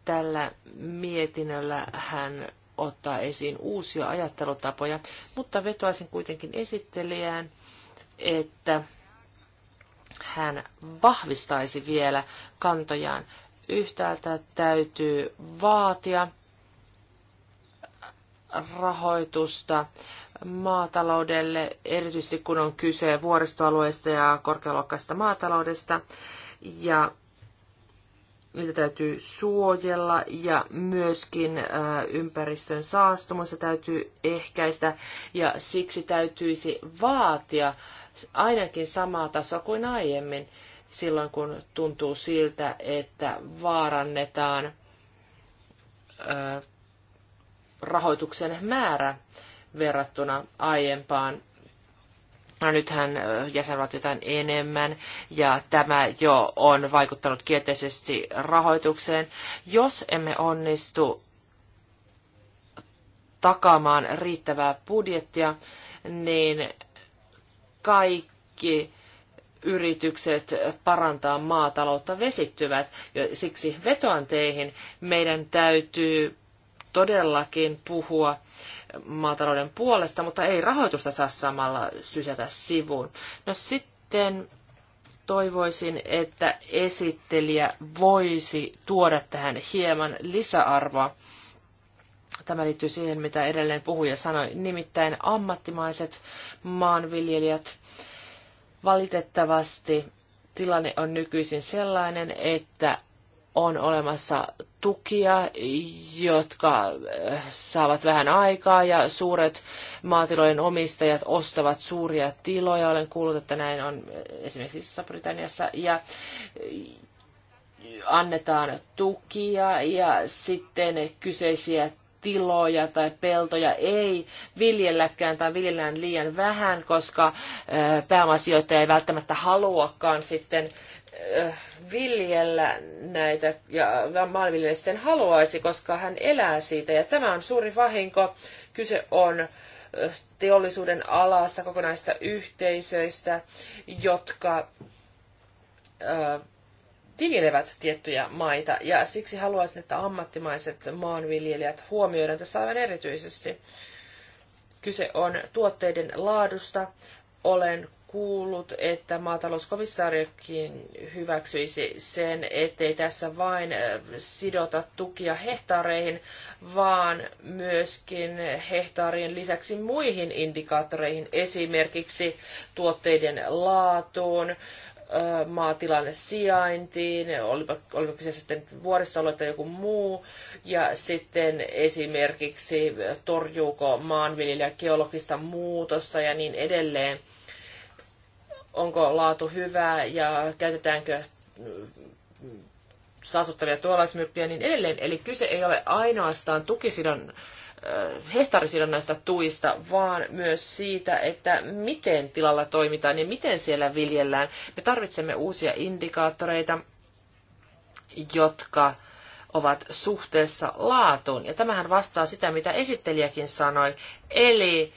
tällä mietinnöllä hän ottaa esiin uusia ajattelutapoja, mutta vetoaisin kuitenkin esittelijään, että hän vahvistaisi vielä kantojaan. Yhtäältä täytyy vaatia rahoitusta maataloudelle, erityisesti kun on kyse vuoristoalueista ja korkealuokkaista maataloudesta. Ja niitä täytyy suojella ja myöskin ympäristön saastumusta täytyy ehkäistä ja siksi täytyisi vaatia ainakin samaa tasoa kuin aiemmin silloin, kun tuntuu siltä, että vaarannetaan rahoituksen määrä verrattuna aiempaan No nythän jäsenvaltioita on enemmän ja tämä jo on vaikuttanut kielteisesti rahoitukseen. Jos emme onnistu takaamaan riittävää budjettia, niin kaikki yritykset parantaa maataloutta vesittyvät. Ja siksi vetoan teihin, meidän täytyy todellakin puhua maatalouden puolesta, mutta ei rahoitusta saa samalla sysätä sivuun. No sitten toivoisin, että esittelijä voisi tuoda tähän hieman lisäarvoa. Tämä liittyy siihen, mitä edelleen puhuja sanoi, nimittäin ammattimaiset maanviljelijät. Valitettavasti tilanne on nykyisin sellainen, että on olemassa tukia, jotka äh, saavat vähän aikaa ja suuret maatilojen omistajat ostavat suuria tiloja. Olen kuullut, että näin on äh, esimerkiksi Britanniassa ja äh, annetaan tukia ja sitten kyseisiä tiloja tai peltoja ei viljelläkään tai viljellään liian vähän, koska pääomasijoittaja ei välttämättä haluakaan sitten Äh, viljellä näitä ja maanviljelijä sitten haluaisi, koska hän elää siitä. Ja tämä on suuri vahinko. Kyse on äh, teollisuuden alasta, kokonaista yhteisöistä, jotka äh, viljelevät tiettyjä maita. Ja siksi haluaisin, että ammattimaiset maanviljelijät huomioidaan tässä aivan erityisesti. Kyse on tuotteiden laadusta. Olen kuullut, että maatalouskomissaariokin hyväksyisi sen, ettei tässä vain sidota tukia hehtaareihin, vaan myöskin hehtaarien lisäksi muihin indikaattoreihin, esimerkiksi tuotteiden laatuun, maatilan sijaintiin, olipa, olipa kyseessä sitten vuoristoalue tai joku muu, ja sitten esimerkiksi torjuuko maanviljelijä geologista muutosta ja niin edelleen onko laatu hyvää ja käytetäänkö mm, saastuttavia tuolaismyrkkyjä niin edelleen. Eli kyse ei ole ainoastaan tukisidon äh, hehtaarisidonnaista tuista, vaan myös siitä, että miten tilalla toimitaan ja miten siellä viljellään. Me tarvitsemme uusia indikaattoreita, jotka ovat suhteessa laatuun. Ja tämähän vastaa sitä, mitä esittelijäkin sanoi. Eli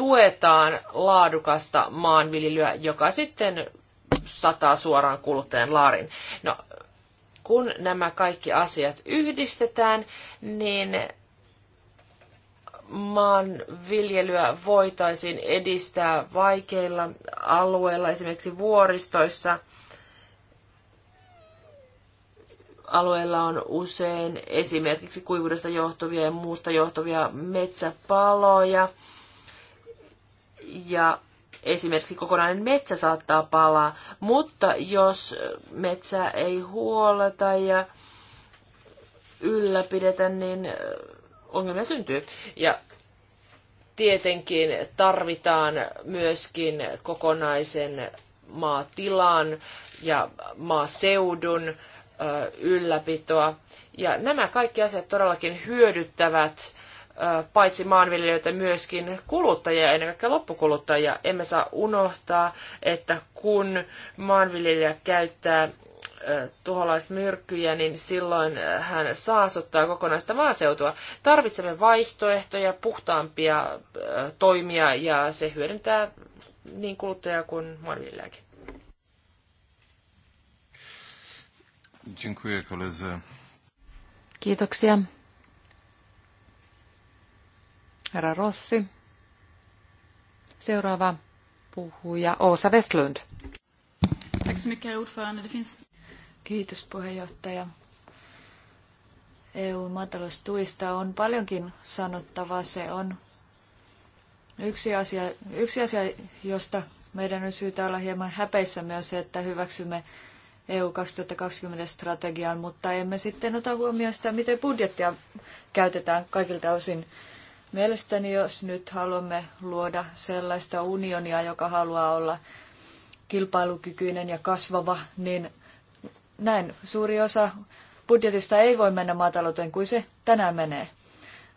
tuetaan laadukasta maanviljelyä, joka sitten sataa suoraan kuluttajan laarin. No, kun nämä kaikki asiat yhdistetään, niin maanviljelyä voitaisiin edistää vaikeilla alueilla, esimerkiksi vuoristoissa. Alueella on usein esimerkiksi kuivuudesta johtuvia ja muusta johtuvia metsäpaloja ja esimerkiksi kokonainen metsä saattaa palaa, mutta jos metsä ei huoleta ja ylläpidetä, niin ongelmia syntyy. Ja tietenkin tarvitaan myöskin kokonaisen maatilan ja maaseudun ylläpitoa. Ja nämä kaikki asiat todellakin hyödyttävät paitsi maanviljelijöitä myöskin kuluttajia, ennen kaikkea loppukuluttajia. Emme saa unohtaa, että kun maanviljelijä käyttää tuholaismyrkkyjä, niin silloin hän saasuttaa kokonaista maaseutua. Tarvitsemme vaihtoehtoja, puhtaampia toimia ja se hyödyntää niin kuluttajaa kuin maanviljelijääkin. Kiitoksia Herra Rossi. Seuraava puhuja Åsa Westlund. Kiitos puheenjohtaja. EUn maataloustuista on paljonkin sanottavaa. Se on yksi asia, yksi asia, josta meidän on syytä olla hieman häpeissä myös, että hyväksymme EU 2020-strategian, mutta emme sitten ota huomioon sitä, miten budjettia käytetään kaikilta osin Mielestäni jos nyt haluamme luoda sellaista unionia, joka haluaa olla kilpailukykyinen ja kasvava, niin näin suuri osa budjetista ei voi mennä maatalouteen kuin se tänään menee.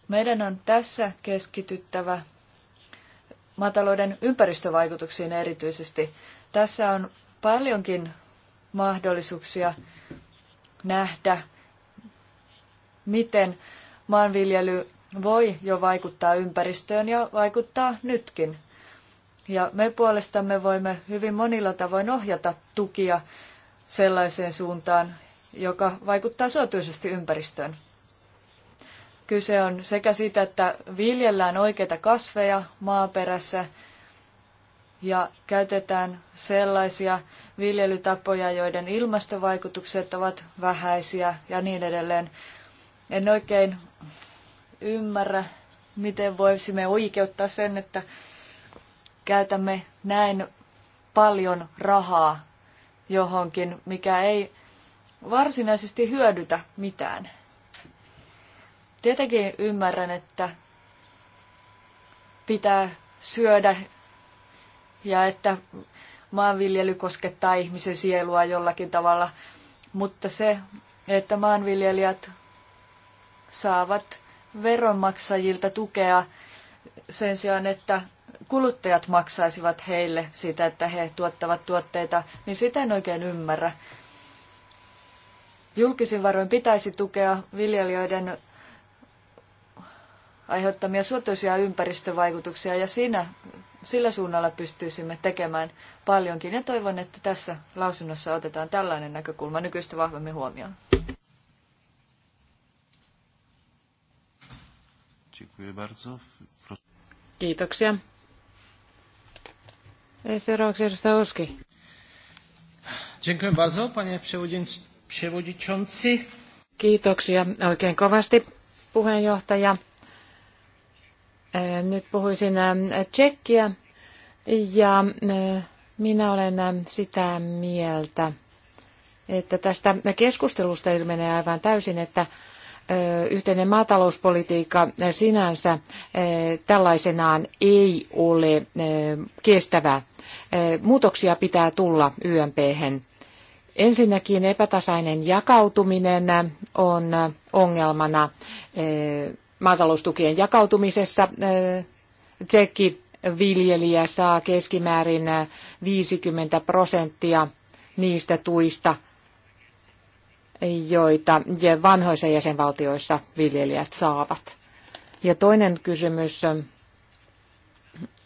Meidän on tässä keskityttävä maatalouden ympäristövaikutuksiin erityisesti. Tässä on paljonkin mahdollisuuksia nähdä, miten maanviljely voi jo vaikuttaa ympäristöön ja vaikuttaa nytkin. Ja me puolestamme voimme hyvin monilla tavoin ohjata tukia sellaiseen suuntaan, joka vaikuttaa suotuisesti ympäristöön. Kyse on sekä siitä, että viljellään oikeita kasveja maaperässä ja käytetään sellaisia viljelytapoja, joiden ilmastovaikutukset ovat vähäisiä ja niin edelleen. En oikein ymmärrä, miten voisimme oikeuttaa sen, että käytämme näin paljon rahaa johonkin, mikä ei varsinaisesti hyödytä mitään. Tietenkin ymmärrän, että pitää syödä ja että maanviljely koskettaa ihmisen sielua jollakin tavalla, mutta se, että maanviljelijät saavat veronmaksajilta tukea sen sijaan, että kuluttajat maksaisivat heille siitä, että he tuottavat tuotteita, niin sitä en oikein ymmärrä. Julkisin varoin pitäisi tukea viljelijöiden aiheuttamia suotuisia ympäristövaikutuksia ja siinä, sillä suunnalla pystyisimme tekemään paljonkin. Ja toivon, että tässä lausunnossa otetaan tällainen näkökulma nykyistä vahvemmin huomioon. Dziękuję bardzo. Kiitoksia. Seuraavaksi edustaja Uski. Dziękuję bardzo, panie przewodniczący. Kiitoksia oikein kovasti, puheenjohtaja. E, nyt puhuisin e, tsekkiä ja e, minä olen sitä mieltä, että tästä keskustelusta ilmenee aivan täysin, että yhteinen maatalouspolitiikka sinänsä tällaisenaan ei ole kestävä. Muutoksia pitää tulla ymp -hän. Ensinnäkin epätasainen jakautuminen on ongelmana maataloustukien jakautumisessa. Tsekki viljelijä saa keskimäärin 50 prosenttia niistä tuista, joita vanhoissa jäsenvaltioissa viljelijät saavat. Ja toinen kysymys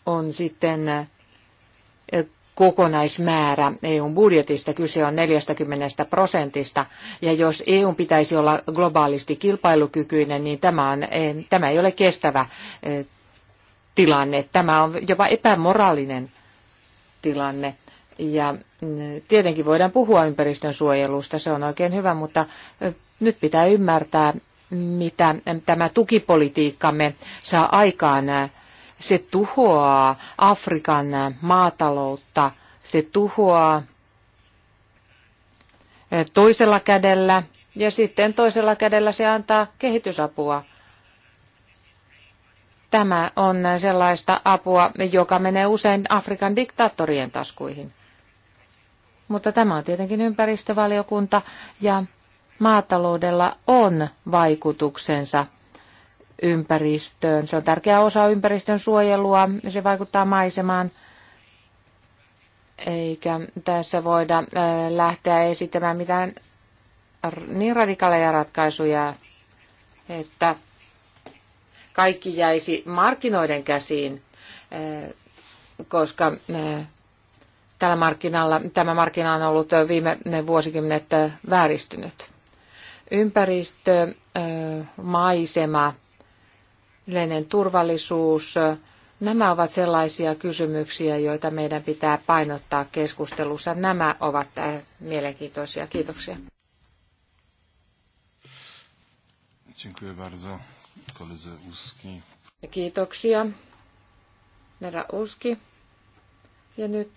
on sitten äh, kokonaismäärä EUn budjetista. Kyse on 40 prosentista. Ja jos EUn pitäisi olla globaalisti kilpailukykyinen, niin tämä, on, e, tämä ei ole kestävä e, tilanne. Tämä on jopa epämoraalinen tilanne. Ja mm, tietenkin voidaan puhua ympäristön suojelusta, se on oikein hyvä, mutta nyt pitää ymmärtää, mitä tämä tukipolitiikkamme saa aikaan. Se tuhoaa Afrikan maataloutta, se tuhoaa toisella kädellä ja sitten toisella kädellä se antaa kehitysapua. Tämä on sellaista apua, joka menee usein Afrikan diktaattorien taskuihin. Mutta tämä on tietenkin ympäristövaliokunta ja maataloudella on vaikutuksensa ympäristöön. Se on tärkeä osa ympäristön suojelua, se vaikuttaa maisemaan. Eikä tässä voida äh, lähteä esittämään mitään niin radikaaleja ratkaisuja, että kaikki jäisi markkinoiden käsiin, äh, koska äh, tällä markkinalla, tämä markkina on ollut viime vuosikymmenet äh, vääristynyt. Ympäristö, äh, maisema, yleinen turvallisuus, äh, nämä ovat sellaisia kysymyksiä, joita meidän pitää painottaa keskustelussa. Nämä ovat mielenkiintoisia. Kiitoksia. Kiitoksia, herra Uski. Ja nyt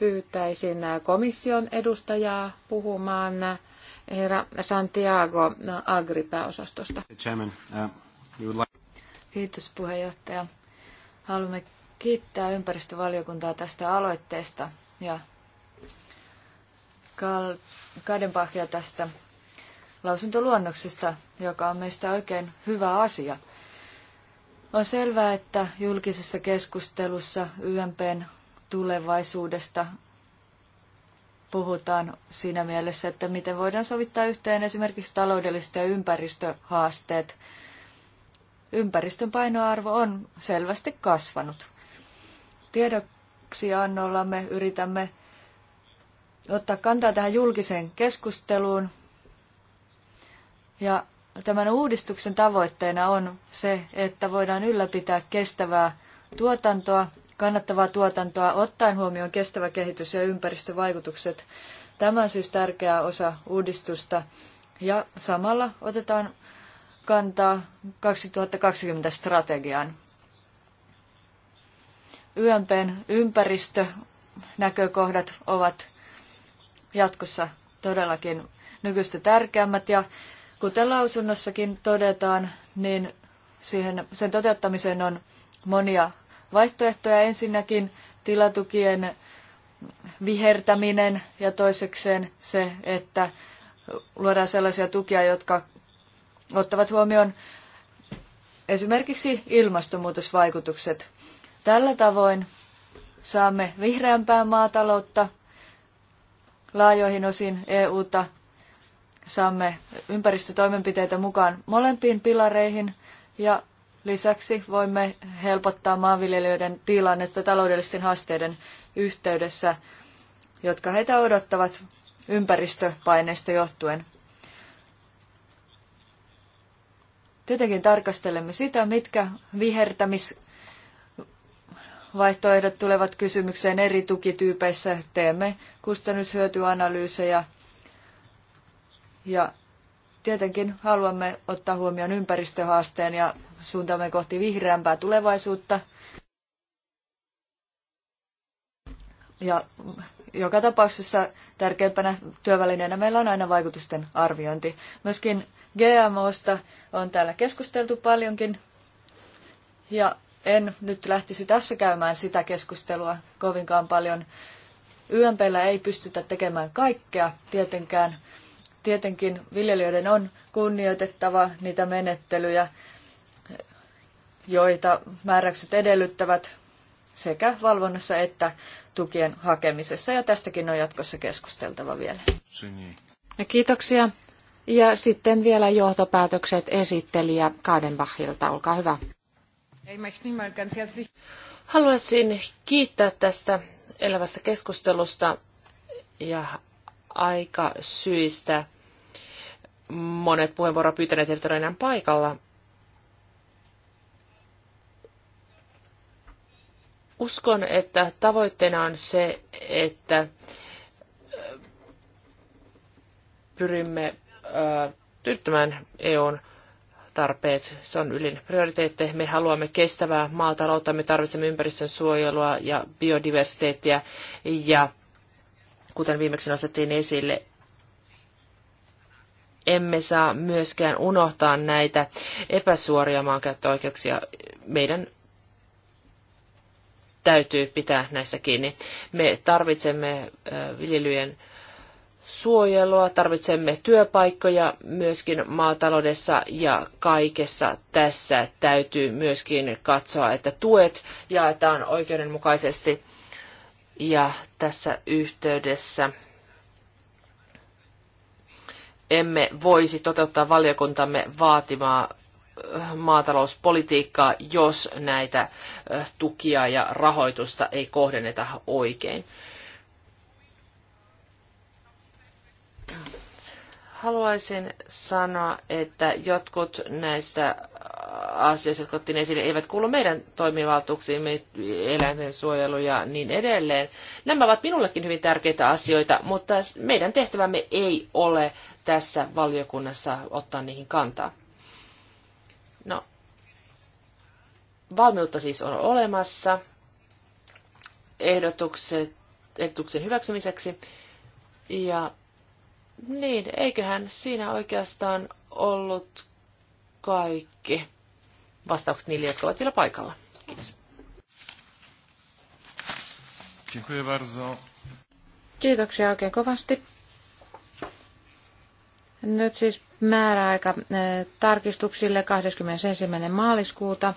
pyytäisin komission edustajaa puhumaan herra Santiago Agri-pääosastosta. Uh, Kiitos puheenjohtaja. Haluamme kiittää ympäristövaliokuntaa tästä aloitteesta ja Kadenbachia tästä lausuntoluonnoksesta, joka on meistä oikein hyvä asia. On selvää, että julkisessa keskustelussa YMPn tulevaisuudesta puhutaan siinä mielessä, että miten voidaan sovittaa yhteen esimerkiksi taloudelliset ja ympäristöhaasteet. Ympäristön painoarvo on selvästi kasvanut. Tiedoksiannolla me yritämme ottaa kantaa tähän julkiseen keskusteluun. Ja tämän uudistuksen tavoitteena on se, että voidaan ylläpitää kestävää tuotantoa kannattavaa tuotantoa ottaen huomioon kestävä kehitys ja ympäristövaikutukset. Tämä on siis tärkeä osa uudistusta ja samalla otetaan kantaa 2020 strategiaan. YMPn ympäristönäkökohdat ovat jatkossa todellakin nykyistä tärkeämmät ja kuten lausunnossakin todetaan, niin siihen, sen toteuttamiseen on monia vaihtoehtoja. Ensinnäkin tilatukien vihertäminen ja toisekseen se, että luodaan sellaisia tukia, jotka ottavat huomioon esimerkiksi ilmastonmuutosvaikutukset. Tällä tavoin saamme vihreämpää maataloutta laajoihin osin EUta, saamme ympäristötoimenpiteitä mukaan molempiin pilareihin ja Lisäksi voimme helpottaa maanviljelijöiden tilannetta taloudellisten haasteiden yhteydessä, jotka heitä odottavat ympäristöpaineista johtuen. Tietenkin tarkastelemme sitä, mitkä vihertämisvaihtoehdot tulevat kysymykseen eri tukityypeissä. Teemme kustannushyötyanalyysejä ja Tietenkin haluamme ottaa huomioon ympäristöhaasteen ja suuntaamme kohti vihreämpää tulevaisuutta. Ja joka tapauksessa tärkeimpänä työvälineenä meillä on aina vaikutusten arviointi. Myöskin GMOsta on täällä keskusteltu paljonkin. Ja en nyt lähtisi tässä käymään sitä keskustelua kovinkaan paljon. YMPllä ei pystytä tekemään kaikkea tietenkään, Tietenkin viljelijöiden on kunnioitettava niitä menettelyjä, joita määräykset edellyttävät sekä valvonnassa että tukien hakemisessa. Ja tästäkin on jatkossa keskusteltava vielä. Kiitoksia. Ja sitten vielä johtopäätökset esittelijä Kadenbachilta. Olkaa hyvä. Haluaisin kiittää tästä elävästä keskustelusta ja aika syistä monet puheenvuoroa pyytäneet eivät ole enää paikalla. Uskon, että tavoitteena on se, että pyrimme tyydyttämään EUn tarpeet. Se on ylin prioriteetti. Me haluamme kestävää maataloutta, me tarvitsemme ympäristön suojelua ja biodiversiteettiä ja kuten viimeksi nostettiin esille, emme saa myöskään unohtaa näitä epäsuoria maankäyttöoikeuksia. Meidän täytyy pitää näistä kiinni. Me tarvitsemme viljelyjen suojelua, tarvitsemme työpaikkoja myöskin maataloudessa ja kaikessa tässä täytyy myöskin katsoa, että tuet jaetaan oikeudenmukaisesti ja tässä yhteydessä emme voisi toteuttaa valiokuntamme vaatimaa äh, maatalouspolitiikkaa, jos näitä äh, tukia ja rahoitusta ei kohdenneta oikein. Haluaisin sanoa, että jotkut näistä asioissa, jotka ottiin esille, eivät kuulu meidän toimivaltuuksiin, eläinten suojelu ja niin edelleen. Nämä ovat minullekin hyvin tärkeitä asioita, mutta meidän tehtävämme ei ole tässä valiokunnassa ottaa niihin kantaa. No, valmiutta siis on olemassa ehdotukset, ehdotuksen hyväksymiseksi. Ja niin, eiköhän siinä oikeastaan ollut kaikki vastaukset niille, jotka ovat vielä paikalla. Kiitos. Kiitoksia oikein kovasti. Nyt siis määräaika eh, tarkistuksille 21. maaliskuuta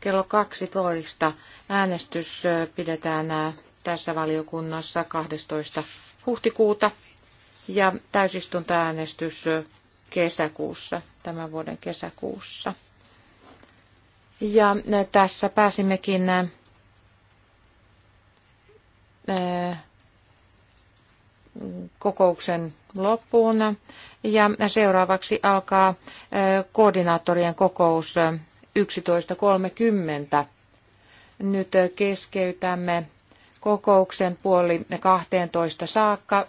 kello 12. Äänestys eh, pidetään eh, tässä valiokunnassa 12. huhtikuuta ja täysistuntoäänestys kesäkuussa, tämän vuoden kesäkuussa. Ja tässä pääsimmekin kokouksen loppuun. Ja seuraavaksi alkaa koordinaattorien kokous 11.30. Nyt keskeytämme kokouksen puoli 12 saakka.